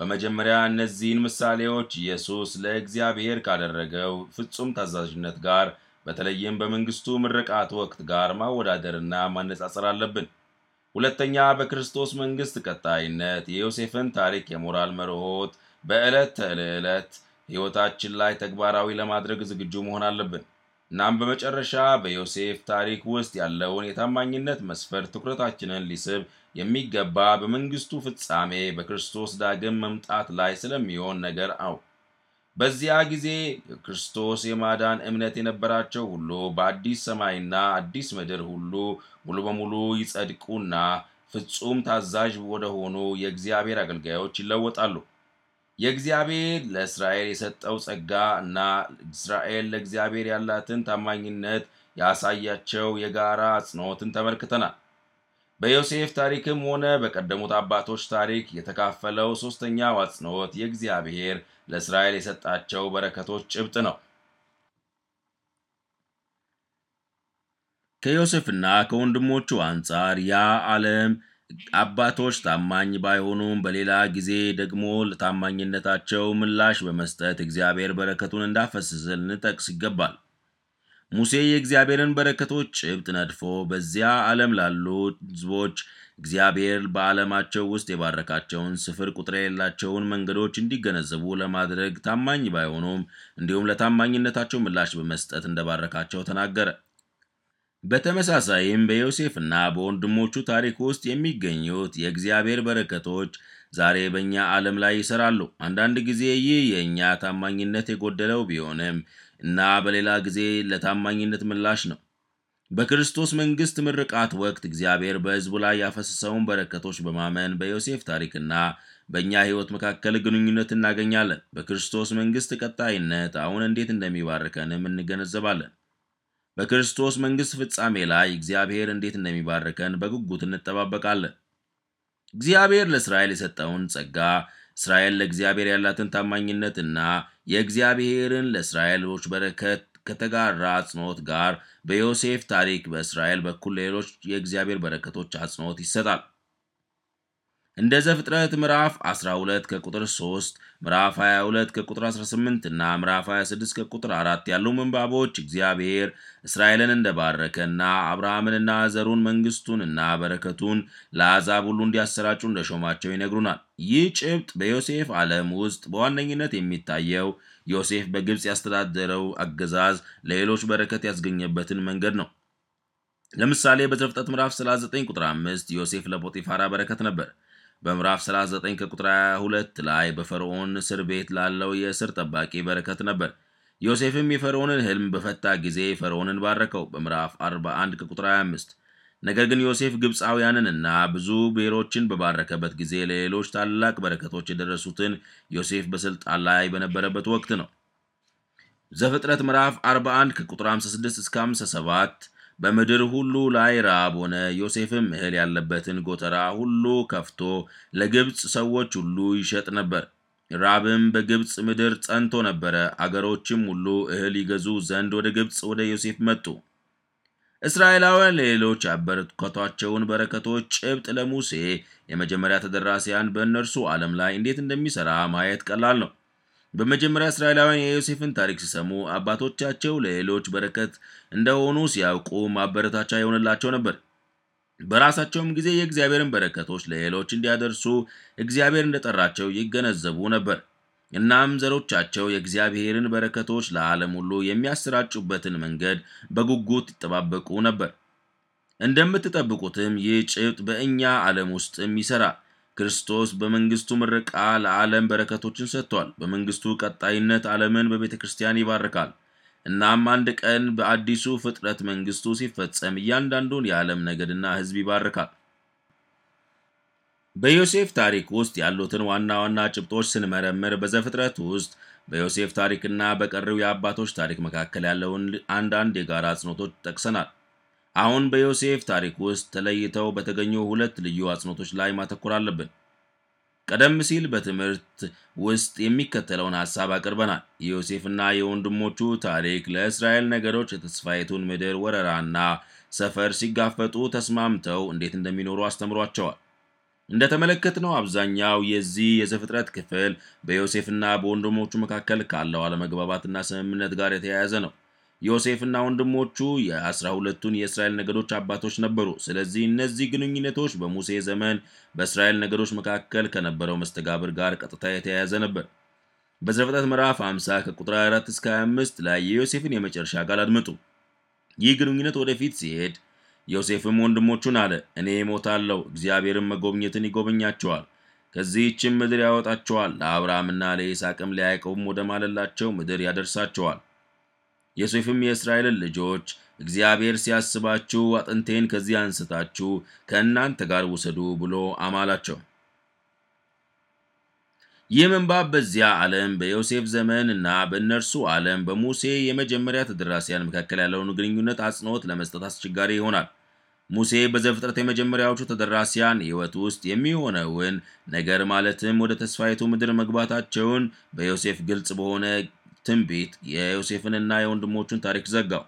በመጀመሪያ እነዚህን ምሳሌዎች ኢየሱስ ለእግዚአብሔር ካደረገው ፍጹም ታዛዥነት ጋር በተለይም በመንግስቱ ምርቃት ወቅት ጋር ማወዳደርና ማነጻጸር አለብን። ሁለተኛ፣ በክርስቶስ መንግስት ቀጣይነት የዮሴፍን ታሪክ የሞራል መርሆት በዕለት ተዕለት ሕይወታችን ላይ ተግባራዊ ለማድረግ ዝግጁ መሆን አለብን። እናም በመጨረሻ በዮሴፍ ታሪክ ውስጥ ያለውን የታማኝነት መስፈር ትኩረታችንን ሊስብ የሚገባ በመንግስቱ ፍጻሜ በክርስቶስ ዳግም መምጣት ላይ ስለሚሆን ነገር አው በዚያ ጊዜ የክርስቶስ የማዳን እምነት የነበራቸው ሁሉ በአዲስ ሰማይና አዲስ ምድር ሁሉ ሙሉ በሙሉ ይጸድቁና ፍጹም ታዛዥ ወደሆኑ የእግዚአብሔር አገልጋዮች ይለወጣሉ። የእግዚአብሔር ለእስራኤል የሰጠው ጸጋ እና እስራኤል ለእግዚአብሔር ያላትን ታማኝነት ያሳያቸው የጋራ አጽንኦትን ተመልክተናል። በዮሴፍ ታሪክም ሆነ በቀደሙት አባቶች ታሪክ የተካፈለው ሦስተኛው አጽንኦት የእግዚአብሔር ለእስራኤል የሰጣቸው በረከቶች ጭብጥ ነው። ከዮሴፍና ከወንድሞቹ አንጻር ያ ዓለም አባቶች ታማኝ ባይሆኑም በሌላ ጊዜ ደግሞ ለታማኝነታቸው ምላሽ በመስጠት እግዚአብሔር በረከቱን እንዳፈሰሰ ልንጠቅስ ይገባል። ሙሴ የእግዚአብሔርን በረከቶች ጭብጥ ነድፎ በዚያ ዓለም ላሉ ሕዝቦች እግዚአብሔር በዓለማቸው ውስጥ የባረካቸውን ስፍር ቁጥር የሌላቸውን መንገዶች እንዲገነዘቡ ለማድረግ ታማኝ ባይሆኑም እንዲሁም ለታማኝነታቸው ምላሽ በመስጠት እንደባረካቸው ተናገረ። በተመሳሳይም በዮሴፍና በወንድሞቹ ታሪክ ውስጥ የሚገኙት የእግዚአብሔር በረከቶች ዛሬ በእኛ ዓለም ላይ ይሰራሉ። አንዳንድ ጊዜ ይህ የእኛ ታማኝነት የጎደለው ቢሆንም እና በሌላ ጊዜ ለታማኝነት ምላሽ ነው። በክርስቶስ መንግሥት ምርቃት ወቅት እግዚአብሔር በሕዝቡ ላይ ያፈሰሰውን በረከቶች በማመን በዮሴፍ ታሪክና በእኛ ሕይወት መካከል ግንኙነት እናገኛለን። በክርስቶስ መንግሥት ቀጣይነት አሁን እንዴት እንደሚባርከንም እንገነዘባለን። በክርስቶስ መንግሥት ፍጻሜ ላይ እግዚአብሔር እንዴት እንደሚባርከን በጉጉት እንጠባበቃለን። እግዚአብሔር ለእስራኤል የሰጠውን ጸጋ፣ እስራኤል ለእግዚአብሔር ያላትን ታማኝነትና የእግዚአብሔርን ለእስራኤሎች በረከት ከተጋራ አጽንኦት ጋር በዮሴፍ ታሪክ በእስራኤል በኩል ሌሎች የእግዚአብሔር በረከቶች አጽንኦት ይሰጣል። እንደ ዘፍጥረት ምዕራፍ 12 ከቁጥር 3 ምዕራፍ 22 ከቁጥር 18 እና ምዕራፍ 26 ከቁጥር 4 ያሉ ምንባቦች እግዚአብሔር እስራኤልን እንደባረከና አብርሃምንና ዘሩን መንግስቱንና በረከቱን ለአሕዛብ ሁሉ እንዲያሰራጩ እንደሾማቸው ይነግሩናል። ይህ ጭብጥ በዮሴፍ ዓለም ውስጥ በዋነኝነት የሚታየው ዮሴፍ በግብፅ ያስተዳደረው አገዛዝ ለሌሎች በረከት ያስገኘበትን መንገድ ነው። ለምሳሌ በዘፍጥረት ምዕራፍ 39 ቁጥር 5 ዮሴፍ ለፖጢፋራ በረከት ነበር። በምዕራፍ 39 ከቁጥር 22 ላይ በፈርዖን እስር ቤት ላለው የእስር ጠባቂ በረከት ነበር። ዮሴፍም የፈርዖንን ሕልም በፈታ ጊዜ ፈርዖንን ባረከው። በምዕራፍ 41 ከቁጥር 25 ነገር ግን ዮሴፍ ግብፃውያንንና ብዙ ብሔሮችን በባረከበት ጊዜ ለሌሎች ታላቅ በረከቶች የደረሱትን ዮሴፍ በስልጣን ላይ በነበረበት ወቅት ነው። ዘፍጥረት ምዕራፍ 41 ከቁጥር 56 እስከ 57 በምድር ሁሉ ላይ ራብ ሆነ። ዮሴፍም እህል ያለበትን ጎተራ ሁሉ ከፍቶ ለግብፅ ሰዎች ሁሉ ይሸጥ ነበር። ራብም በግብፅ ምድር ጸንቶ ነበረ። አገሮችም ሁሉ እህል ይገዙ ዘንድ ወደ ግብፅ ወደ ዮሴፍ መጡ። እስራኤላውያን ለሌሎች ያበረከቷቸውን በረከቶች ጭብጥ ለሙሴ የመጀመሪያ ተደራሲያን በእነርሱ ዓለም ላይ እንዴት እንደሚሠራ ማየት ቀላል ነው። በመጀመሪያ እስራኤላውያን የዮሴፍን ታሪክ ሲሰሙ አባቶቻቸው ለሌሎች በረከት እንደሆኑ ሲያውቁ ማበረታቻ ይሆንላቸው ነበር። በራሳቸውም ጊዜ የእግዚአብሔርን በረከቶች ለሌሎች እንዲያደርሱ እግዚአብሔር እንደጠራቸው ይገነዘቡ ነበር። እናም ዘሮቻቸው የእግዚአብሔርን በረከቶች ለዓለም ሁሉ የሚያሰራጩበትን መንገድ በጉጉት ይጠባበቁ ነበር። እንደምትጠብቁትም ይህ ጭብጥ በእኛ ዓለም ውስጥም ይሠራ። ክርስቶስ በመንግሥቱ ምርቃ ለዓለም በረከቶችን ሰጥቷል። በመንግሥቱ ቀጣይነት ዓለምን በቤተ ክርስቲያን ይባርካል። እናም አንድ ቀን በአዲሱ ፍጥረት መንግስቱ ሲፈጸም እያንዳንዱን የዓለም ነገድና ሕዝብ ይባርካል። በዮሴፍ ታሪክ ውስጥ ያሉትን ዋና ዋና ጭብጦች ስንመረምር በዘፍጥረት ውስጥ በዮሴፍ ታሪክና በቀሪው የአባቶች ታሪክ መካከል ያለውን አንዳንድ የጋራ አጽንኦቶች ጠቅሰናል። አሁን በዮሴፍ ታሪክ ውስጥ ተለይተው በተገኙ ሁለት ልዩ አጽንኦቶች ላይ ማተኮር አለብን። ቀደም ሲል በትምህርት ውስጥ የሚከተለውን ሐሳብ አቅርበናል። የዮሴፍና የወንድሞቹ ታሪክ ለእስራኤል ነገዶች የተስፋይቱን ምድር ወረራና ሰፈር ሲጋፈጡ ተስማምተው እንዴት እንደሚኖሩ አስተምሯቸዋል። ነው። አብዛኛው የዚህ የዘፍጥረት ክፍል በዮሴፍና በወንድሞቹ መካከል ካለው አለመግባባትና ስምምነት ጋር የተያያዘ ነው። ዮሴፍና ወንድሞቹ የአስራ ሁለቱን የእስራኤል ነገዶች አባቶች ነበሩ። ስለዚህ እነዚህ ግንኙነቶች በሙሴ ዘመን በእስራኤል ነገዶች መካከል ከነበረው መስተጋብር ጋር ቀጥታ የተያያዘ ነበር። በዘፍጥረት ምዕራፍ 50 ከቁጥር 24 እስከ 25 ላይ የዮሴፍን የመጨረሻ ቃል አድምጡ። ይህ ግንኙነት ወደፊት ሲሄድ ዮሴፍም ወንድሞቹን አለ፣ እኔ እሞታለሁ፣ እግዚአብሔርን መጎብኘትን ይጎበኛቸዋል ከዚህችም ምድር ያወጣቸዋል፣ ለአብርሃምና ለይስሐቅም ለያዕቆብም ወደ ማለላቸው ምድር ያደርሳቸዋል። ዮሴፍም የእስራኤልን ልጆች እግዚአብሔር ሲያስባችሁ አጥንቴን ከዚህ አንስታችሁ ከእናንተ ጋር ውሰዱ ብሎ አማላቸው። ይህ ምንባብ በዚያ ዓለም በዮሴፍ ዘመን እና በእነርሱ ዓለም በሙሴ የመጀመሪያ ተደራሲያን መካከል ያለውን ግንኙነት አጽንዖት ለመስጠት አስቸጋሪ ይሆናል። ሙሴ በዘፍጥረት የመጀመሪያዎቹ ተደራሲያን ሕይወት ውስጥ የሚሆነውን ነገር ማለትም ወደ ተስፋይቱ ምድር መግባታቸውን በዮሴፍ ግልጽ በሆነ ትንቢት የዮሴፍንና የወንድሞቹን ታሪክ ዘጋው።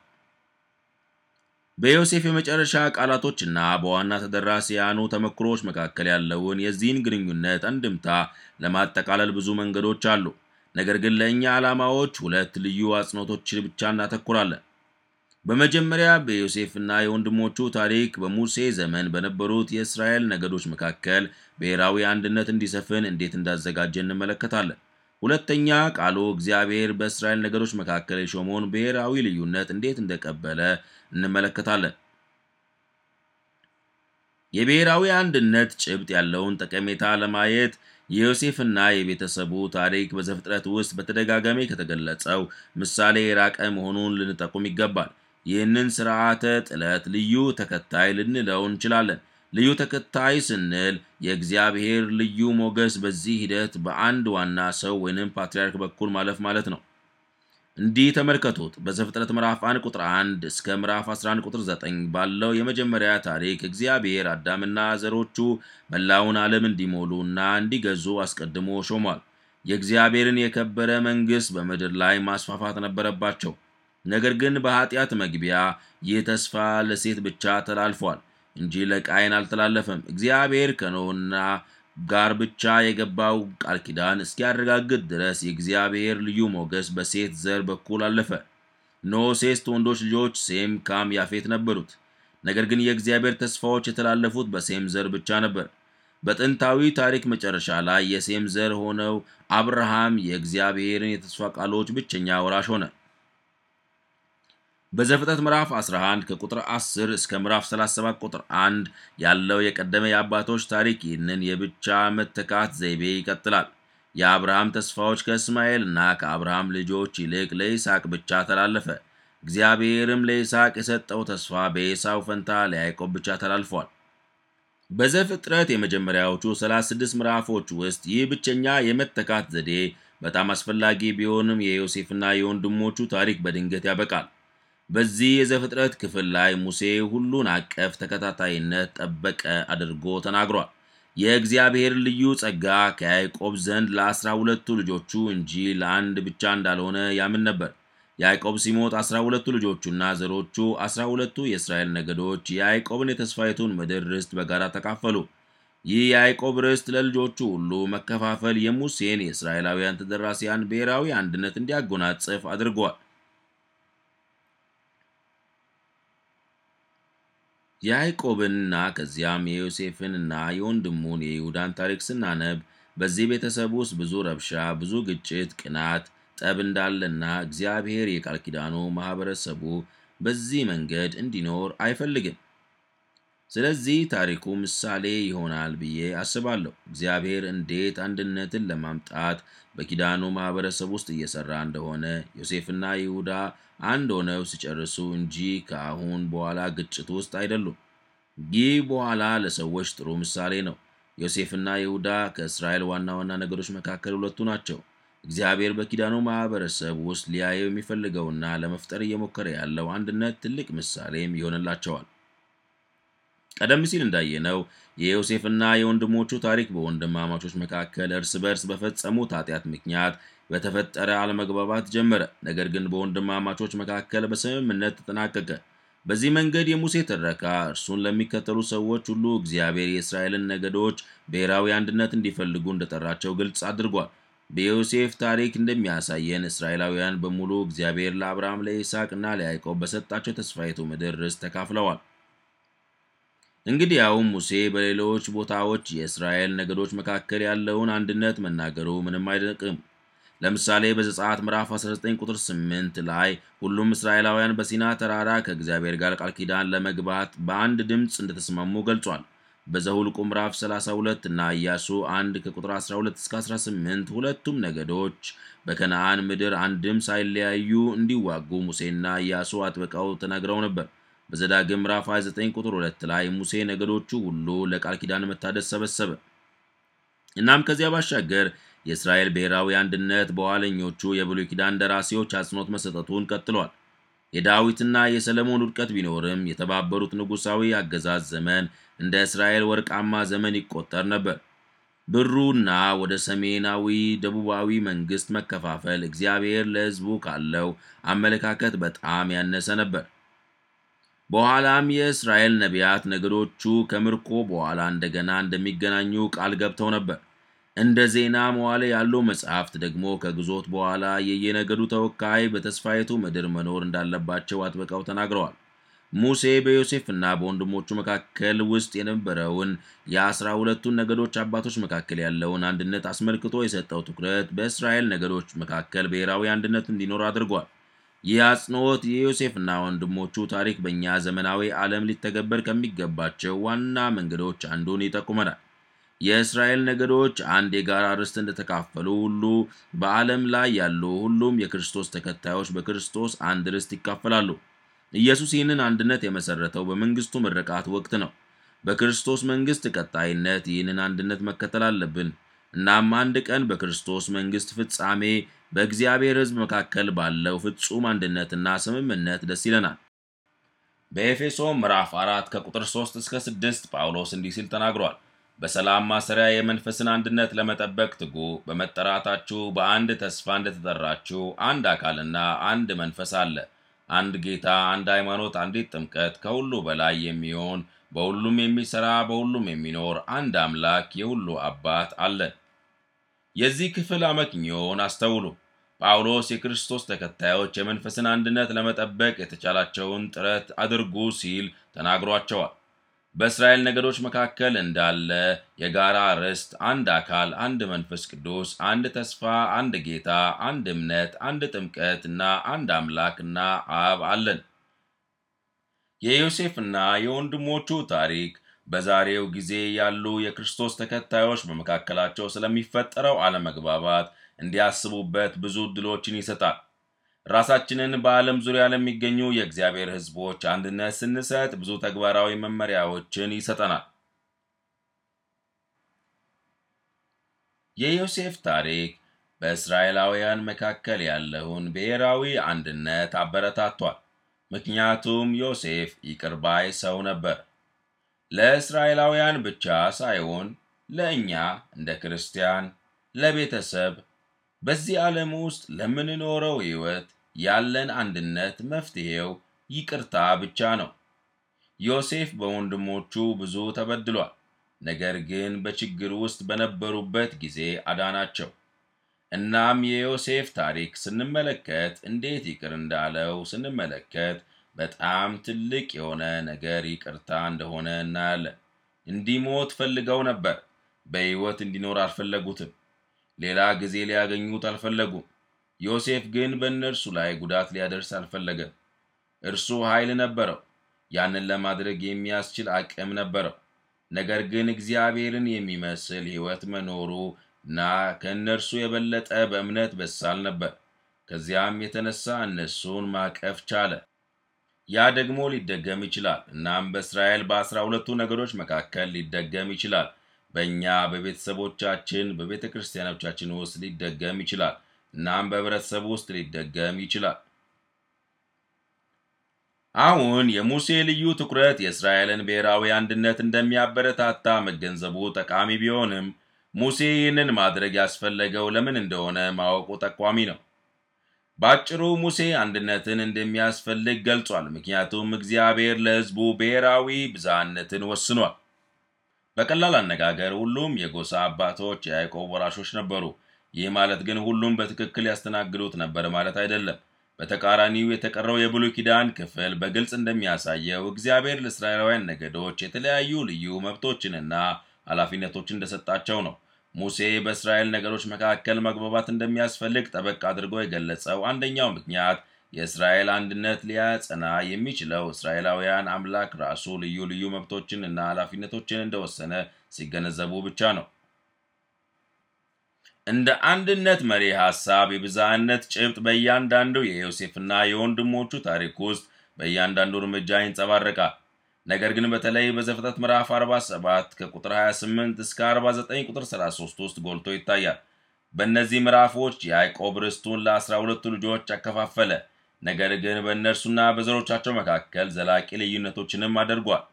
በዮሴፍ የመጨረሻ ቃላቶችና በዋና ተደራሲያኑ ተመክሮዎች መካከል ያለውን የዚህን ግንኙነት አንድምታ ለማጠቃለል ብዙ መንገዶች አሉ። ነገር ግን ለእኛ ዓላማዎች ሁለት ልዩ አጽንኦቶች ብቻ እናተኩራለን። በመጀመሪያ በዮሴፍና የወንድሞቹ ታሪክ በሙሴ ዘመን በነበሩት የእስራኤል ነገዶች መካከል ብሔራዊ አንድነት እንዲሰፍን እንዴት እንዳዘጋጀ እንመለከታለን። ሁለተኛ ቃሉ እግዚአብሔር በእስራኤል ነገዶች መካከል የሾመውን ብሔራዊ ልዩነት እንዴት እንደቀበለ እንመለከታለን። የብሔራዊ አንድነት ጭብጥ ያለውን ጠቀሜታ ለማየት የዮሴፍና የቤተሰቡ ታሪክ በዘፍጥረት ውስጥ በተደጋጋሚ ከተገለጸው ምሳሌ የራቀ መሆኑን ልንጠቁም ይገባል። ይህንን ስርዓተ ጥለት ልዩ ተከታይ ልንለው እንችላለን። ልዩ ተከታይ ስንል የእግዚአብሔር ልዩ ሞገስ በዚህ ሂደት በአንድ ዋና ሰው ወይንም ፓትርያርክ በኩል ማለፍ ማለት ነው። እንዲህ ተመልከቱት። በዘፍጥረት ምዕራፍ 1 ቁጥር 1 እስከ ምዕራፍ 11 ቁጥር 9 ባለው የመጀመሪያ ታሪክ እግዚአብሔር አዳምና ዘሮቹ መላውን ዓለም እንዲሞሉና እንዲገዙ አስቀድሞ ሾሟል። የእግዚአብሔርን የከበረ መንግሥት በምድር ላይ ማስፋፋት ነበረባቸው። ነገር ግን በኃጢአት መግቢያ ይህ ተስፋ ለሴት ብቻ ተላልፏል። እንጂ ለቃይን አልተላለፈም። እግዚአብሔር ከኖኅና ጋር ብቻ የገባው ቃል ኪዳን እስኪያረጋግጥ ድረስ የእግዚአብሔር ልዩ ሞገስ በሴት ዘር በኩል አለፈ። ኖ ሴስት ወንዶች ልጆች ሴም፣ ካም፣ ያፌት ነበሩት። ነገር ግን የእግዚአብሔር ተስፋዎች የተላለፉት በሴም ዘር ብቻ ነበር። በጥንታዊ ታሪክ መጨረሻ ላይ የሴም ዘር ሆነው አብርሃም የእግዚአብሔርን የተስፋ ቃሎች ብቸኛ ወራሽ ሆነ። በዘፍጥረት ምዕራፍ 11 ከቁጥር 10 እስከ ምዕራፍ 37 ቁጥር 1 ያለው የቀደመ የአባቶች ታሪክ ይህንን የብቻ መተካት ዘይቤ ይቀጥላል። የአብርሃም ተስፋዎች ከእስማኤል እና ከአብርሃም ልጆች ይልቅ ለይስሐቅ ብቻ ተላለፈ። እግዚአብሔርም ለይስሐቅ የሰጠው ተስፋ በኤሳው ፈንታ ለያዕቆብ ብቻ ተላልፏል። በዘፍጥረት የመጀመሪያዎቹ 36 ምዕራፎች ውስጥ ይህ ብቸኛ የመተካት ዘዴ በጣም አስፈላጊ ቢሆንም የዮሴፍና የወንድሞቹ ታሪክ በድንገት ያበቃል። በዚህ የዘፍጥረት ክፍል ላይ ሙሴ ሁሉን አቀፍ ተከታታይነት ጠበቀ አድርጎ ተናግሯል። የእግዚአብሔር ልዩ ጸጋ ከያዕቆብ ዘንድ ለአስራ ሁለቱ ልጆቹ እንጂ ለአንድ ብቻ እንዳልሆነ ያምን ነበር። ያዕቆብ ሲሞት አስራ ሁለቱ ልጆቹና ዘሮቹ አስራ ሁለቱ የእስራኤል ነገዶች የያዕቆብን የተስፋይቱን ምድር ርስት በጋራ ተካፈሉ። ይህ የያዕቆብ ርስት ለልጆቹ ሁሉ መከፋፈል የሙሴን የእስራኤላውያን ተደራሲያን ብሔራዊ አንድነት እንዲያጎናጽፍ አድርጓል። የያዕቆብንና ከዚያም የዮሴፍንና የወንድሙን የይሁዳን ታሪክ ስናነብ በዚህ ቤተሰብ ውስጥ ብዙ ረብሻ፣ ብዙ ግጭት፣ ቅናት፣ ጠብ እንዳለና እግዚአብሔር የቃል ኪዳኑ ማኅበረሰቡ በዚህ መንገድ እንዲኖር አይፈልግም። ስለዚህ ታሪኩ ምሳሌ ይሆናል ብዬ አስባለሁ። እግዚአብሔር እንዴት አንድነትን ለማምጣት በኪዳኑ ማህበረሰብ ውስጥ እየሰራ እንደሆነ ዮሴፍና ይሁዳ አንድ ሆነው ሲጨርሱ እንጂ ከአሁን በኋላ ግጭት ውስጥ አይደሉም። ይህ በኋላ ለሰዎች ጥሩ ምሳሌ ነው። ዮሴፍና ይሁዳ ከእስራኤል ዋና ዋና ነገሮች መካከል ሁለቱ ናቸው። እግዚአብሔር በኪዳኑ ማህበረሰብ ውስጥ ሊያየው የሚፈልገውና ለመፍጠር እየሞከረ ያለው አንድነት ትልቅ ምሳሌም ይሆንላቸዋል። ቀደም ሲል እንዳየነው የዮሴፍና የወንድሞቹ ታሪክ በወንድማማቾች መካከል እርስ በርስ በፈጸሙት ኃጢአት ምክንያት በተፈጠረ አለመግባባት ጀመረ፣ ነገር ግን በወንድማማቾች መካከል በስምምነት ተጠናቀቀ። በዚህ መንገድ የሙሴ ትረካ እርሱን ለሚከተሉ ሰዎች ሁሉ እግዚአብሔር የእስራኤልን ነገዶች ብሔራዊ አንድነት እንዲፈልጉ እንደጠራቸው ግልጽ አድርጓል። በዮሴፍ ታሪክ እንደሚያሳየን እስራኤላውያን በሙሉ እግዚአብሔር ለአብርሃም፣ ለይስሐቅ እና ለያዕቆብ በሰጣቸው ተስፋይቱ ምድር ርስት ተካፍለዋል። እንግዲህ ሙሴ በሌሎች ቦታዎች የእስራኤል ነገዶች መካከል ያለውን አንድነት መናገሩ ምንም አይደንቅም። ለምሳሌ በዘጸአት ምዕራፍ 19 ቁጥር 8 ላይ ሁሉም እስራኤላውያን በሲና ተራራ ከእግዚአብሔር ጋር ቃል ኪዳን ለመግባት በአንድ ድምፅ እንደተስማሙ ገልጿል። በዘሁልቁ ምዕራፍ 32 እና ኢያሱ 1 ከቁጥር 12 እስከ 18 ሁለቱም ነገዶች በከነአን ምድር አንድም ሳይለያዩ እንዲዋጉ ሙሴና ኢያሱ አጥብቀው ተናግረው ነበር። በዘዳግም ምዕራፍ 29 ቁጥር 2 ላይ ሙሴ ነገዶቹ ሁሉ ለቃል ኪዳን መታደስ ሰበሰበ። እናም ከዚያ ባሻገር የእስራኤል ብሔራዊ አንድነት በኋለኞቹ የብሉይ ኪዳን ደራሲዎች አጽንኦት መሰጠቱን ቀጥሏል። የዳዊትና የሰለሞን ውድቀት ቢኖርም የተባበሩት ንጉሣዊ አገዛዝ ዘመን እንደ እስራኤል ወርቃማ ዘመን ይቆጠር ነበር። ብሩና ወደ ሰሜናዊ ደቡባዊ መንግሥት መከፋፈል እግዚአብሔር ለሕዝቡ ካለው አመለካከት በጣም ያነሰ ነበር። በኋላም የእስራኤል ነቢያት ነገዶቹ ከምርኮ በኋላ እንደገና እንደሚገናኙ ቃል ገብተው ነበር። እንደ ዜና መዋለ ያሉ መጽሐፍት ደግሞ ከግዞት በኋላ የየነገዱ ተወካይ በተስፋይቱ ምድር መኖር እንዳለባቸው አጥብቀው ተናግረዋል። ሙሴ በዮሴፍና በወንድሞቹ መካከል ውስጥ የነበረውን የአስራ ሁለቱን ነገዶች አባቶች መካከል ያለውን አንድነት አስመልክቶ የሰጠው ትኩረት በእስራኤል ነገዶች መካከል ብሔራዊ አንድነት እንዲኖር አድርጓል። ይህ አጽንኦት የዮሴፍና ወንድሞቹ ታሪክ በእኛ ዘመናዊ ዓለም ሊተገበር ከሚገባቸው ዋና መንገዶች አንዱን ይጠቁመናል። የእስራኤል ነገዶች አንድ የጋራ ርስት እንደተካፈሉ ሁሉ በዓለም ላይ ያሉ ሁሉም የክርስቶስ ተከታዮች በክርስቶስ አንድ ርስት ይካፈላሉ። ኢየሱስ ይህንን አንድነት የመሠረተው በመንግሥቱ ምረቃት ወቅት ነው። በክርስቶስ መንግሥት ቀጣይነት ይህንን አንድነት መከተል አለብን። እናም አንድ ቀን በክርስቶስ መንግሥት ፍጻሜ በእግዚአብሔር ሕዝብ መካከል ባለው ፍጹም አንድነትና ስምምነት ደስ ይለናል። በኤፌሶ ምዕራፍ 4 ከቁጥር 3 እስከ 6 ጳውሎስ እንዲህ ሲል ተናግሯል። በሰላም ማሰሪያ የመንፈስን አንድነት ለመጠበቅ ትጉ። በመጠራታችሁ በአንድ ተስፋ እንደተጠራችሁ አንድ አካልና አንድ መንፈስ አለ። አንድ ጌታ፣ አንድ ሃይማኖት፣ አንዲት ጥምቀት፣ ከሁሉ በላይ የሚሆን በሁሉም የሚሠራ በሁሉም የሚኖር አንድ አምላክ የሁሉ አባት አለ። የዚህ ክፍል አመክንዮን አስተውሉ። ጳውሎስ የክርስቶስ ተከታዮች የመንፈስን አንድነት ለመጠበቅ የተቻላቸውን ጥረት አድርጉ ሲል ተናግሯቸዋል። በእስራኤል ነገዶች መካከል እንዳለ የጋራ ርስት አንድ አካል፣ አንድ መንፈስ ቅዱስ፣ አንድ ተስፋ፣ አንድ ጌታ፣ አንድ እምነት፣ አንድ ጥምቀት እና አንድ አምላክና አብ አለን። የዮሴፍና የወንድሞቹ ታሪክ በዛሬው ጊዜ ያሉ የክርስቶስ ተከታዮች በመካከላቸው ስለሚፈጠረው አለመግባባት እንዲያስቡበት ብዙ ዕድሎችን ይሰጣል። ራሳችንን በዓለም ዙሪያ ለሚገኙ የእግዚአብሔር ሕዝቦች አንድነት ስንሰጥ ብዙ ተግባራዊ መመሪያዎችን ይሰጠናል። የዮሴፍ ታሪክ በእስራኤላውያን መካከል ያለውን ብሔራዊ አንድነት አበረታቷል። ምክንያቱም ዮሴፍ ይቅርባይ ሰው ነበር። ለእስራኤላውያን ብቻ ሳይሆን ለእኛ እንደ ክርስቲያን፣ ለቤተሰብ በዚህ ዓለም ውስጥ ለምንኖረው ሕይወት ያለን አንድነት መፍትሔው ይቅርታ ብቻ ነው። ዮሴፍ በወንድሞቹ ብዙ ተበድሏል። ነገር ግን በችግር ውስጥ በነበሩበት ጊዜ አዳናቸው። እናም የዮሴፍ ታሪክ ስንመለከት እንዴት ይቅር እንዳለው ስንመለከት በጣም ትልቅ የሆነ ነገር ይቅርታ እንደሆነ እናያለን። እንዲሞት ፈልገው ነበር። በሕይወት እንዲኖር አልፈለጉትም። ሌላ ጊዜ ሊያገኙት አልፈለጉም። ዮሴፍ ግን በእነርሱ ላይ ጉዳት ሊያደርስ አልፈለገም። እርሱ ኃይል ነበረው፣ ያንን ለማድረግ የሚያስችል አቅም ነበረው። ነገር ግን እግዚአብሔርን የሚመስል ሕይወት መኖሩ እና ከእነርሱ የበለጠ በእምነት በሳል ነበር። ከዚያም የተነሳ እነሱን ማቀፍ ቻለ። ያ ደግሞ ሊደገም ይችላል። እናም በእስራኤል በአስራ ሁለቱ ነገዶች መካከል ሊደገም ይችላል። በእኛ በቤተሰቦቻችን በቤተ ክርስቲያኖቻችን ውስጥ ሊደገም ይችላል። እናም በህብረተሰቡ ውስጥ ሊደገም ይችላል። አሁን የሙሴ ልዩ ትኩረት የእስራኤልን ብሔራዊ አንድነት እንደሚያበረታታ መገንዘቡ ጠቃሚ ቢሆንም ሙሴ ይህንን ማድረግ ያስፈለገው ለምን እንደሆነ ማወቁ ጠቋሚ ነው። በአጭሩ ሙሴ አንድነትን እንደሚያስፈልግ ገልጿል፣ ምክንያቱም እግዚአብሔር ለሕዝቡ ብሔራዊ ብዝሃነትን ወስኗል። በቀላል አነጋገር ሁሉም የጎሳ አባቶች የያዕቆብ ወራሾች ነበሩ። ይህ ማለት ግን ሁሉም በትክክል ያስተናግዱት ነበር ማለት አይደለም። በተቃራኒው የተቀረው የብሉይ ኪዳን ክፍል በግልጽ እንደሚያሳየው እግዚአብሔር ለእስራኤላውያን ነገዶች የተለያዩ ልዩ መብቶችንና ኃላፊነቶች እንደሰጣቸው ነው። ሙሴ በእስራኤል ነገዶች መካከል መግባባት እንደሚያስፈልግ ጠበቅ አድርጎ የገለጸው አንደኛው ምክንያት የእስራኤል አንድነት ሊያጸና የሚችለው እስራኤላውያን አምላክ ራሱ ልዩ ልዩ መብቶችን እና ኃላፊነቶችን እንደወሰነ ሲገነዘቡ ብቻ ነው። እንደ አንድነት መሪ ሐሳብ የብዝሃነት ጭብጥ በእያንዳንዱ የዮሴፍና የወንድሞቹ ታሪክ ውስጥ በእያንዳንዱ እርምጃ ይንጸባረቃል። ነገር ግን በተለይ በዘፍጥረት ምዕራፍ 47 ከቁጥር 28 እስከ 49 ቁጥር 33 ውስጥ ጎልቶ ይታያል። በእነዚህ ምዕራፎች ያዕቆብ ርስቱን ለ12ቱ ልጆች አከፋፈለ። ነገር ግን በእነርሱና በዘሮቻቸው መካከል ዘላቂ ልዩነቶችንም አድርጓል።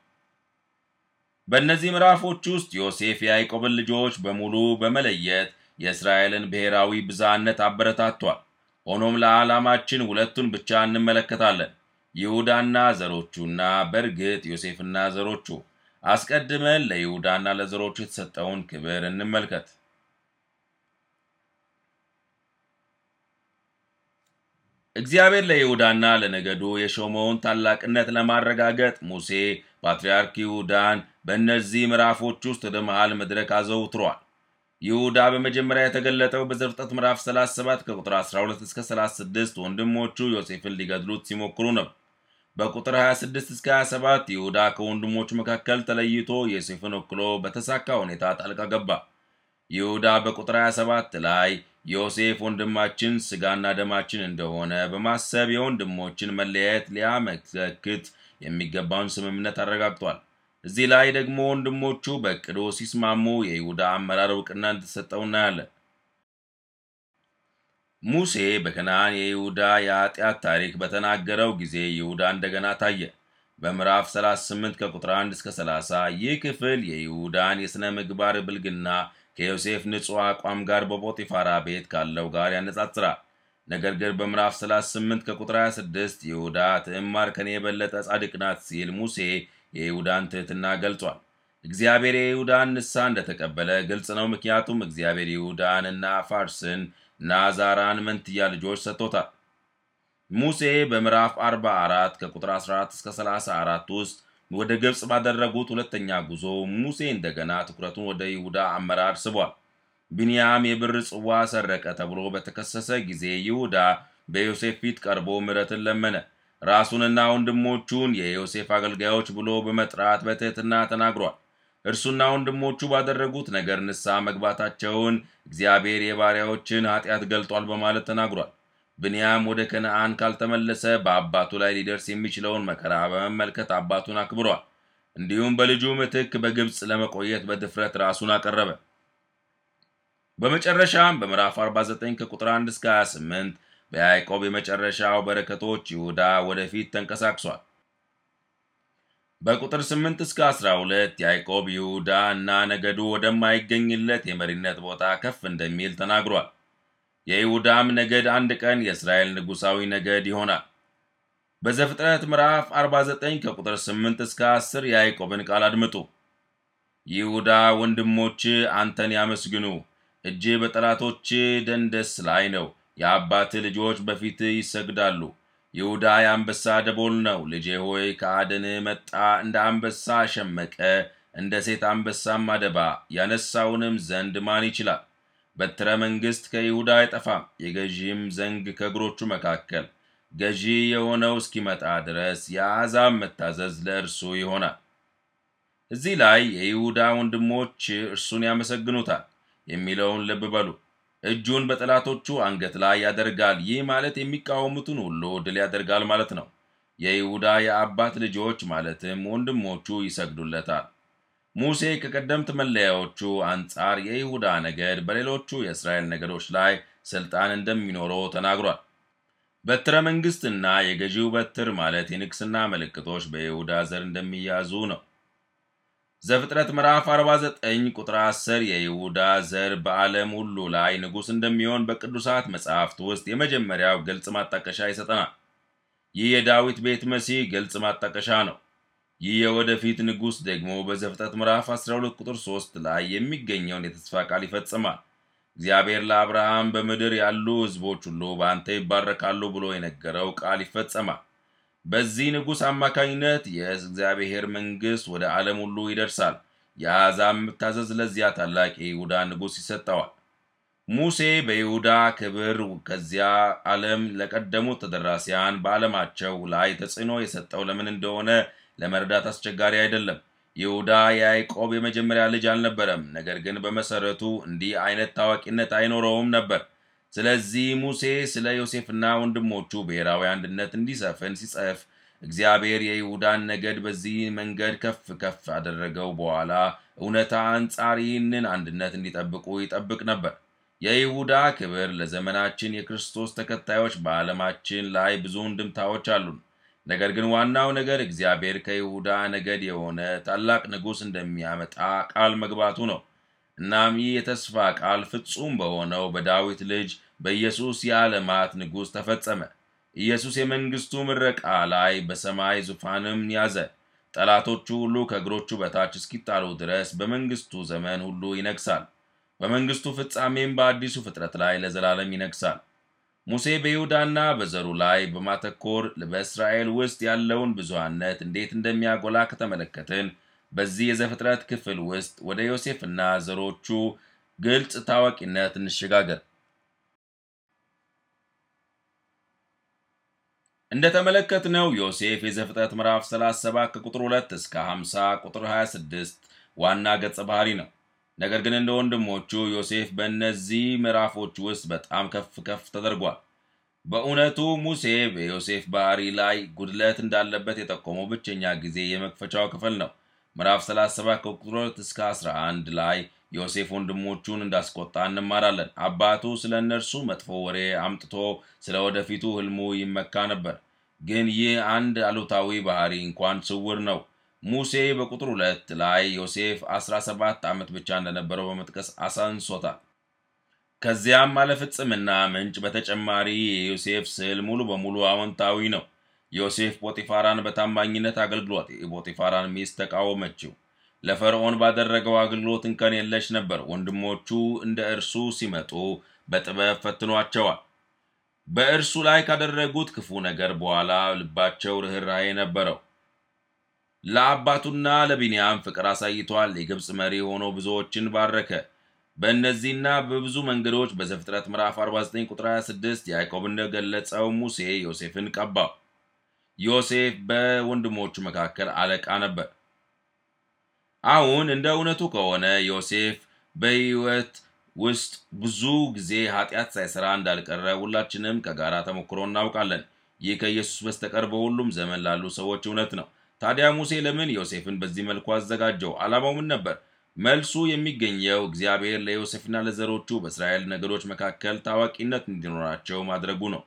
በእነዚህ ምዕራፎች ውስጥ ዮሴፍ የያዕቆብን ልጆች በሙሉ በመለየት የእስራኤልን ብሔራዊ ብዝሃነት አበረታቷል። ሆኖም ለዓላማችን ሁለቱን ብቻ እንመለከታለን፣ ይሁዳና ዘሮቹና በእርግጥ ዮሴፍና ዘሮቹ። አስቀድመን ለይሁዳና ለዘሮቹ የተሰጠውን ክብር እንመልከት። እግዚአብሔር ለይሁዳና ለነገዱ የሾመውን ታላቅነት ለማረጋገጥ ሙሴ ፓትርያርክ ይሁዳን በእነዚህ ምዕራፎች ውስጥ ወደ መሃል መድረክ አዘውትሯል። ይሁዳ በመጀመሪያ የተገለጠው በዘፍጥረት ምዕራፍ 37 ከቁጥር 12 እስከ 36 ወንድሞቹ ዮሴፍን ሊገድሉት ሲሞክሩ ነው። በቁጥር 26 እስከ 27 ይሁዳ ከወንድሞቹ መካከል ተለይቶ ዮሴፍን ወክሎ በተሳካ ሁኔታ ጣልቃ ገባ። ይሁዳ በቁጥር 27 ላይ ዮሴፍ ወንድማችን ስጋና ደማችን እንደሆነ በማሰብ የወንድሞችን መለያየት ሊያመለክት የሚገባውን ስምምነት አረጋግጧል። እዚህ ላይ ደግሞ ወንድሞቹ በቅዶ ሲስማሙ የይሁዳ አመራር እውቅና እንደተሰጠው እናያለን። ሙሴ በከነአን የይሁዳ የኃጢአት ታሪክ በተናገረው ጊዜ ይሁዳ እንደገና ታየ። በምዕራፍ 38 ከቁጥር 1 እስከ 30 ይህ ክፍል የይሁዳን የሥነ ምግባር ብልግና ከዮሴፍ ንጹሕ አቋም ጋር በጶጢፋራ ቤት ካለው ጋር ያነጻጽራል። ነገር ግን በምዕራፍ 38 ከቁጥር 26 ይሁዳ ትዕማር ከኔ የበለጠ ጻድቅ ናት ሲል ሙሴ የይሁዳን ትሕትና ገልጿል። እግዚአብሔር የይሁዳን ንሳ እንደተቀበለ ግልጽ ነው። ምክንያቱም እግዚአብሔር ይሁዳንና ፋርስን ናዛራን መንትያ ልጆች ሰጥቶታል። ሙሴ በምዕራፍ 44 ከቁጥር 14 እስከ 34 ውስጥ ወደ ግብፅ ባደረጉት ሁለተኛ ጉዞ ሙሴ እንደገና ትኩረቱን ወደ ይሁዳ አመራር ስቧል። ቢንያም የብር ጽዋ ሰረቀ ተብሎ በተከሰሰ ጊዜ ይሁዳ በዮሴፍ ፊት ቀርቦ ምሕረትን ለመነ። ራሱንና ወንድሞቹን የዮሴፍ አገልጋዮች ብሎ በመጥራት በትህትና ተናግሯል። እርሱና ወንድሞቹ ባደረጉት ነገር ንስሐ መግባታቸውን እግዚአብሔር የባሪያዎችን ኃጢአት ገልጧል በማለት ተናግሯል። ብንያም ወደ ከነአን ካልተመለሰ በአባቱ ላይ ሊደርስ የሚችለውን መከራ በመመልከት አባቱን አክብሯል። እንዲሁም በልጁ ምትክ በግብፅ ለመቆየት በድፍረት ራሱን አቀረበ። በመጨረሻም በምዕራፍ 49 ከቁጥር 1 እስከ 28 በያዕቆብ የመጨረሻው በረከቶች ይሁዳ ወደፊት ተንቀሳቅሷል። በቁጥር 8 እስከ 12 ያዕቆብ ይሁዳ እና ነገዱ ወደማይገኝለት የመሪነት ቦታ ከፍ እንደሚል ተናግሯል። የይሁዳም ነገድ አንድ ቀን የእስራኤል ንጉሣዊ ነገድ ይሆናል። በዘፍጥረት ምዕራፍ 49 ከቁጥር 8 እስከ 10 የያዕቆብን ቃል አድምጡ። ይሁዳ ወንድሞች አንተን ያመስግኑ፣ እጅ በጠላቶች ደንደስ ላይ ነው። የአባት ልጆች በፊት ይሰግዳሉ። ይሁዳ የአንበሳ ደቦል ነው። ልጄ ሆይ ከአደን መጣ፣ እንደ አንበሳ አሸመቀ፣ እንደ ሴት አንበሳም አደባ። ያነሳውንም ዘንድ ማን ይችላል? በትረ መንግሥት ከይሁዳ አይጠፋም፣ የገዢም ዘንግ ከእግሮቹ መካከል ገዢ የሆነው እስኪመጣ ድረስ የአሕዛብ መታዘዝ ለእርሱ ይሆናል። እዚህ ላይ የይሁዳ ወንድሞች እርሱን ያመሰግኑታል የሚለውን ልብ በሉ። እጁን በጠላቶቹ አንገት ላይ ያደርጋል። ይህ ማለት የሚቃወሙትን ሁሉ ድል ያደርጋል ማለት ነው። የይሁዳ የአባት ልጆች ማለትም ወንድሞቹ ይሰግዱለታል። ሙሴ ከቀደምት መለያዎቹ አንጻር የይሁዳ ነገድ በሌሎቹ የእስራኤል ነገዶች ላይ ሥልጣን እንደሚኖረው ተናግሯል። በትረ መንግስትና የገዢው በትር ማለት የንግስና ምልክቶች በይሁዳ ዘር እንደሚያዙ ነው። ዘፍጥረት ምዕራፍ 49 ቁጥር 10 የይሁዳ ዘር በዓለም ሁሉ ላይ ንጉሥ እንደሚሆን በቅዱሳት መጽሐፍት ውስጥ የመጀመሪያው ግልጽ ማጣቀሻ ይሰጠናል። ይህ የዳዊት ቤት መሲህ ግልጽ ማጣቀሻ ነው። ይህ የወደፊት ንጉሥ ደግሞ በዘፍጠት ምዕራፍ 12 ቁጥር 3 ላይ የሚገኘውን የተስፋ ቃል ይፈጽማል። እግዚአብሔር ለአብርሃም በምድር ያሉ ሕዝቦች ሁሉ በአንተ ይባረካሉ ብሎ የነገረው ቃል ይፈጸማል። በዚህ ንጉሥ አማካኝነት የእግዚአብሔር መንግሥት ወደ ዓለም ሁሉ ይደርሳል። የአሕዛብ የምታዘዝ ለዚያ ታላቅ የይሁዳ ንጉሥ ይሰጠዋል። ሙሴ በይሁዳ ክብር ከዚያ ዓለም ለቀደሙት ተደራሲያን በዓለማቸው ላይ ተጽዕኖ የሰጠው ለምን እንደሆነ ለመረዳት አስቸጋሪ አይደለም። ይሁዳ የያዕቆብ የመጀመሪያ ልጅ አልነበረም። ነገር ግን በመሰረቱ እንዲህ አይነት ታዋቂነት አይኖረውም ነበር። ስለዚህ ሙሴ ስለ ዮሴፍና ወንድሞቹ ብሔራዊ አንድነት እንዲሰፍን ሲጽፍ እግዚአብሔር የይሁዳን ነገድ በዚህ መንገድ ከፍ ከፍ አደረገው። በኋላ እውነታ አንጻር ይህንን አንድነት እንዲጠብቁ ይጠብቅ ነበር። የይሁዳ ክብር ለዘመናችን የክርስቶስ ተከታዮች በዓለማችን ላይ ብዙ እንድምታዎች አሉን። ነገር ግን ዋናው ነገር እግዚአብሔር ከይሁዳ ነገድ የሆነ ታላቅ ንጉሥ እንደሚያመጣ ቃል መግባቱ ነው። እናም ይህ የተስፋ ቃል ፍጹም በሆነው በዳዊት ልጅ በኢየሱስ የዓለማት ንጉሥ ተፈጸመ። ኢየሱስ የመንግሥቱ ምረቃ ላይ በሰማይ ዙፋንም ያዘ። ጠላቶቹ ሁሉ ከእግሮቹ በታች እስኪጣሉ ድረስ በመንግሥቱ ዘመን ሁሉ ይነግሣል። በመንግሥቱ ፍጻሜም በአዲሱ ፍጥረት ላይ ለዘላለም ይነግሣል። ሙሴ በይሁዳና በዘሩ ላይ በማተኮር በእስራኤል ውስጥ ያለውን ብዙሃነት እንዴት እንደሚያጎላ ከተመለከትን በዚህ የዘፍጥረት ክፍል ውስጥ ወደ ዮሴፍና ዘሮቹ ግልጽ ታዋቂነት እንሸጋገር። እንደተመለከትነው ዮሴፍ የዘፍጥረት ምዕራፍ 37 ከቁጥር 2 እስከ 50 ቁጥር 26 ዋና ገጸ ባህሪ ነው። ነገር ግን እንደ ወንድሞቹ ዮሴፍ በእነዚህ ምዕራፎች ውስጥ በጣም ከፍ ከፍ ተደርጓል። በእውነቱ ሙሴ በዮሴፍ ባህሪ ላይ ጉድለት እንዳለበት የጠቆመው ብቸኛ ጊዜ የመክፈቻው ክፍል ነው። ምዕራፍ 37 ከቁጥር 2 እስከ 11 ላይ ዮሴፍ ወንድሞቹን እንዳስቆጣ እንማራለን። አባቱ ስለ እነርሱ መጥፎ ወሬ አምጥቶ ስለ ወደፊቱ ህልሙ ይመካ ነበር። ግን ይህ አንድ አሉታዊ ባህሪ እንኳን ስውር ነው። ሙሴ በቁጥር ሁለት ላይ ዮሴፍ 17 ዓመት ብቻ እንደነበረው በመጥቀስ አሳንሶታል። ከዚያም አለፍጽምና ምንጭ በተጨማሪ የዮሴፍ ስዕል ሙሉ በሙሉ አዎንታዊ ነው። ዮሴፍ ጶጢፋራን በታማኝነት አገልግሏት፣ የጶጢፋራን ሚስት ተቃወመችው። ለፈርዖን ባደረገው አገልግሎት እንከን የለሽ ነበር። ወንድሞቹ እንደ እርሱ ሲመጡ በጥበብ ፈትኗቸዋል። በእርሱ ላይ ካደረጉት ክፉ ነገር በኋላ ልባቸው ርኅራኄ ነበረው። ለአባቱና ለቢንያም ፍቅር አሳይቷል። የግብፅ መሪ ሆኖ ብዙዎችን ባረከ። በእነዚህና በብዙ መንገዶች በዘፍጥረት ምዕራፍ 49 ቁጥር 26 ያዕቆብ እንደገለጸው ሙሴ ዮሴፍን ቀባው። ዮሴፍ በወንድሞቹ መካከል አለቃ ነበር። አሁን እንደ እውነቱ ከሆነ ዮሴፍ በሕይወት ውስጥ ብዙ ጊዜ ኃጢአት ሳይሰራ እንዳልቀረ ሁላችንም ከጋራ ተሞክሮ እናውቃለን። ይህ ከኢየሱስ በስተቀር በሁሉም ዘመን ላሉ ሰዎች እውነት ነው። ታዲያ ሙሴ ለምን ዮሴፍን በዚህ መልኩ አዘጋጀው? ዓላማው ምን ነበር? መልሱ የሚገኘው እግዚአብሔር ለዮሴፍና ለዘሮቹ በእስራኤል ነገዶች መካከል ታዋቂነት እንዲኖራቸው ማድረጉ ነው።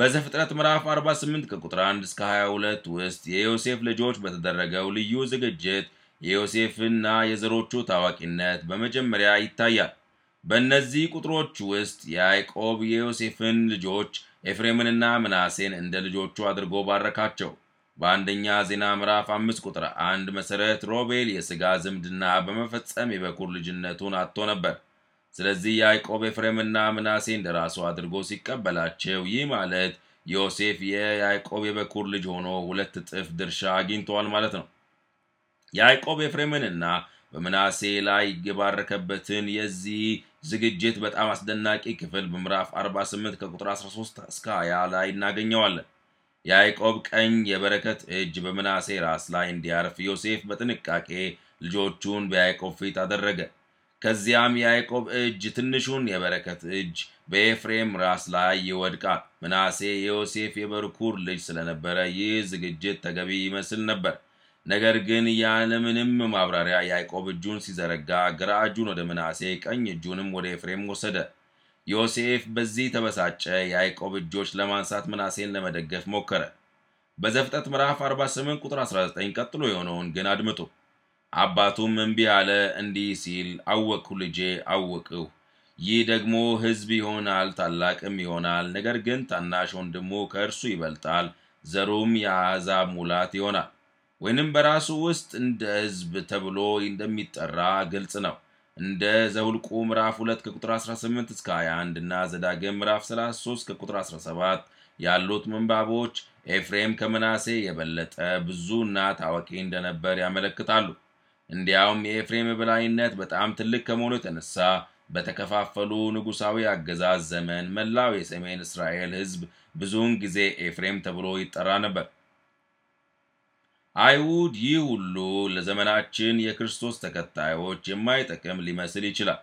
በዘፍጥረት ምዕራፍ 48 ከቁጥር 1 እስከ 22 ውስጥ የዮሴፍ ልጆች በተደረገው ልዩ ዝግጅት የዮሴፍና የዘሮቹ ታዋቂነት በመጀመሪያ ይታያል። በእነዚህ ቁጥሮች ውስጥ ያዕቆብ የዮሴፍን ልጆች ኤፍሬምንና ምናሴን እንደ ልጆቹ አድርጎ ባረካቸው። በአንደኛ ዜና ምዕራፍ አምስት ቁጥር አንድ መሠረት ሮቤል የሥጋ ዝምድና በመፈጸም የበኩር ልጅነቱን አጥቶ ነበር። ስለዚህ ያዕቆብ ኤፍሬምና ምናሴ እንደ ራሱ አድርጎ ሲቀበላቸው፣ ይህ ማለት ዮሴፍ የያዕቆብ የበኩር ልጅ ሆኖ ሁለት እጥፍ ድርሻ አግኝተዋል ማለት ነው። ያዕቆብ ኤፍሬምንና በምናሴ ላይ የባረከበትን የዚህ ዝግጅት በጣም አስደናቂ ክፍል በምዕራፍ 48 ከቁጥር 13 እስከ 20 ላይ እናገኘዋለን። የያዕቆብ ቀኝ የበረከት እጅ በምናሴ ራስ ላይ እንዲያርፍ ዮሴፍ በጥንቃቄ ልጆቹን በያዕቆብ ፊት አደረገ። ከዚያም የያዕቆብ እጅ ትንሹን የበረከት እጅ በኤፍሬም ራስ ላይ ይወድቃል። ምናሴ የዮሴፍ የበርኩር ልጅ ስለነበረ ይህ ዝግጅት ተገቢ ይመስል ነበር። ነገር ግን ያለምንም ማብራሪያ ያዕቆብ እጁን ሲዘረጋ ግራ እጁን ወደ ምናሴ፣ ቀኝ እጁንም ወደ ኤፍሬም ወሰደ። ዮሴፍ በዚህ ተበሳጨ። የያዕቆብ እጆች ለማንሳት ምናሴን ለመደገፍ ሞከረ። በዘፍጠት ምዕራፍ 48 ቁጥር 19 ቀጥሎ የሆነውን ግን አድምጡ። አባቱም እምቢ አለ፣ እንዲህ ሲል አወቅሁ ልጄ አወቅሁ። ይህ ደግሞ ሕዝብ ይሆናል ታላቅም ይሆናል። ነገር ግን ታናሽ ወንድሙ ከእርሱ ይበልጣል፣ ዘሩም የአሕዛብ ሙላት ይሆናል። ወይንም በራሱ ውስጥ እንደ ሕዝብ ተብሎ እንደሚጠራ ግልጽ ነው። እንደ ዘውልቁ ምዕራፍ 2 ከቁጥር 18 እስከ 21 እና ዘዳግም ምዕራፍ 33 ከቁጥር 17 ያሉት ምንባቦች ኤፍሬም ከምናሴ የበለጠ ብዙ እና ታዋቂ እንደነበር ያመለክታሉ። እንዲያውም የኤፍሬም የበላይነት በጣም ትልቅ ከመሆኑ የተነሳ በተከፋፈሉ ንጉሳዊ አገዛዝ ዘመን መላው የሰሜን እስራኤል ሕዝብ ብዙውን ጊዜ ኤፍሬም ተብሎ ይጠራ ነበር። አይሁድ ይህ ሁሉ ለዘመናችን የክርስቶስ ተከታዮች የማይጠቅም ሊመስል ይችላል።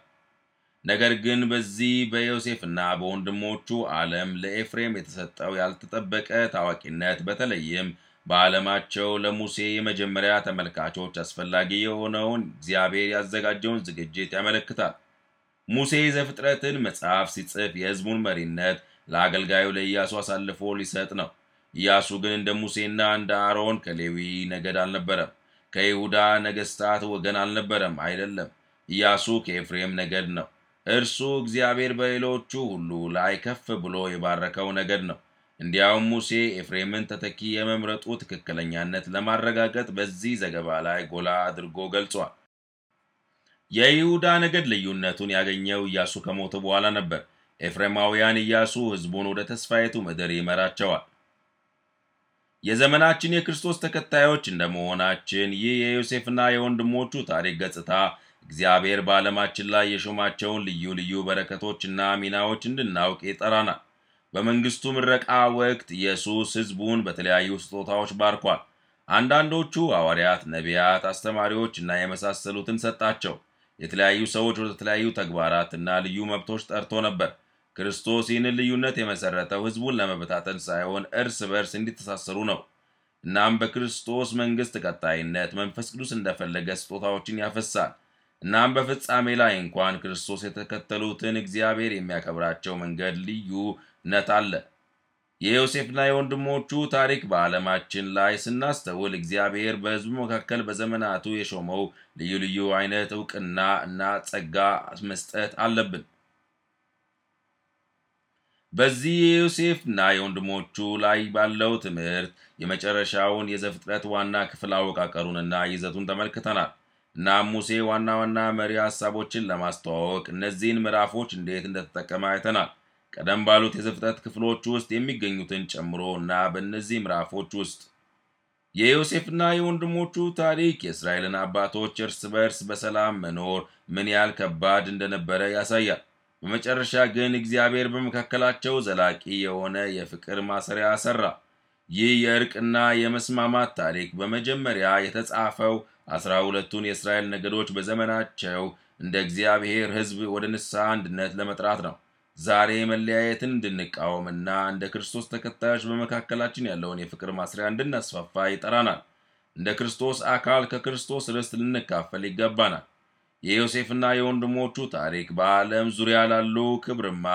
ነገር ግን በዚህ በዮሴፍና በወንድሞቹ ዓለም ለኤፍሬም የተሰጠው ያልተጠበቀ ታዋቂነት በተለይም በዓለማቸው ለሙሴ የመጀመሪያ ተመልካቾች አስፈላጊ የሆነውን እግዚአብሔር ያዘጋጀውን ዝግጅት ያመለክታል። ሙሴ ዘፍጥረትን መጽሐፍ ሲጽፍ የሕዝቡን መሪነት ለአገልጋዩ ለኢያሱ አሳልፎ ሊሰጥ ነው። ኢያሱ ግን እንደ ሙሴና እንደ አሮን ከሌዊ ነገድ አልነበረም፣ ከይሁዳ ነገሥታት ወገን አልነበረም። አይደለም፣ ኢያሱ ከኤፍሬም ነገድ ነው። እርሱ እግዚአብሔር በሌሎቹ ሁሉ ላይ ከፍ ብሎ የባረከው ነገድ ነው። እንዲያውም ሙሴ ኤፍሬምን ተተኪ የመምረጡ ትክክለኛነት ለማረጋገጥ በዚህ ዘገባ ላይ ጎላ አድርጎ ገልጿል። የይሁዳ ነገድ ልዩነቱን ያገኘው ኢያሱ ከሞተ በኋላ ነበር። ኤፍሬማውያን ኢያሱ ሕዝቡን ወደ ተስፋይቱ ምድር ይመራቸዋል። የዘመናችን የክርስቶስ ተከታዮች እንደመሆናችን ይህ የዮሴፍና የወንድሞቹ ታሪክ ገጽታ እግዚአብሔር በዓለማችን ላይ የሾማቸውን ልዩ ልዩ በረከቶችና ሚናዎች እንድናውቅ ይጠራናል። በመንግሥቱ ምረቃ ወቅት ኢየሱስ ሕዝቡን በተለያዩ ስጦታዎች ባርኳል። አንዳንዶቹ ሐዋርያት፣ ነቢያት፣ አስተማሪዎች እና የመሳሰሉትን ሰጣቸው። የተለያዩ ሰዎች ወደ ተለያዩ ተግባራትና ልዩ መብቶች ጠርቶ ነበር። ክርስቶስ ይህንን ልዩነት የመሠረተው ሕዝቡን ለመበታተን ሳይሆን እርስ በእርስ እንዲተሳሰሩ ነው። እናም በክርስቶስ መንግሥት ቀጣይነት መንፈስ ቅዱስ እንደፈለገ ስጦታዎችን ያፈሳል። እናም በፍጻሜ ላይ እንኳን ክርስቶስ የተከተሉትን እግዚአብሔር የሚያከብራቸው መንገድ ልዩነት አለ። የዮሴፍና የወንድሞቹ ታሪክ በዓለማችን ላይ ስናስተውል እግዚአብሔር በሕዝቡ መካከል በዘመናቱ የሾመው ልዩ ልዩ አይነት ዕውቅና እና ጸጋ መስጠት አለብን። በዚህ የዮሴፍና የወንድሞቹ ላይ ባለው ትምህርት የመጨረሻውን የዘፍጥረት ዋና ክፍል አወቃቀሩንና ይዘቱን ተመልክተናል። እናም ሙሴ ዋና ዋና መሪ ሐሳቦችን ለማስተዋወቅ እነዚህን ምዕራፎች እንዴት እንደተጠቀመ አይተናል። ቀደም ባሉት የዘፍጥረት ክፍሎች ውስጥ የሚገኙትን ጨምሮ እና በእነዚህ ምዕራፎች ውስጥ የዮሴፍና የወንድሞቹ ታሪክ የእስራኤልን አባቶች እርስ በርስ በሰላም መኖር ምን ያህል ከባድ እንደነበረ ያሳያል። በመጨረሻ ግን እግዚአብሔር በመካከላቸው ዘላቂ የሆነ የፍቅር ማሰሪያ አሰራ። ይህ የእርቅና የመስማማት ታሪክ በመጀመሪያ የተጻፈው አስራ ሁለቱን የእስራኤል ነገዶች በዘመናቸው እንደ እግዚአብሔር ሕዝብ ወደ ንስሐ አንድነት ለመጥራት ነው። ዛሬ መለያየትን እንድንቃወምና እንደ ክርስቶስ ተከታዮች በመካከላችን ያለውን የፍቅር ማስሪያ እንድናስፋፋ ይጠራናል። እንደ ክርስቶስ አካል ከክርስቶስ ርስት ልንካፈል ይገባናል። የዮሴፍና የወንድሞቹ ታሪክ በዓለም ዙሪያ ላሉ ክብርማ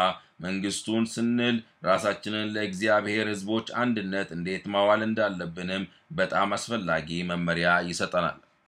መንግስቱን ስንል ራሳችንን ለእግዚአብሔር ሕዝቦች አንድነት እንዴት ማዋል እንዳለብንም በጣም አስፈላጊ መመሪያ ይሰጠናል።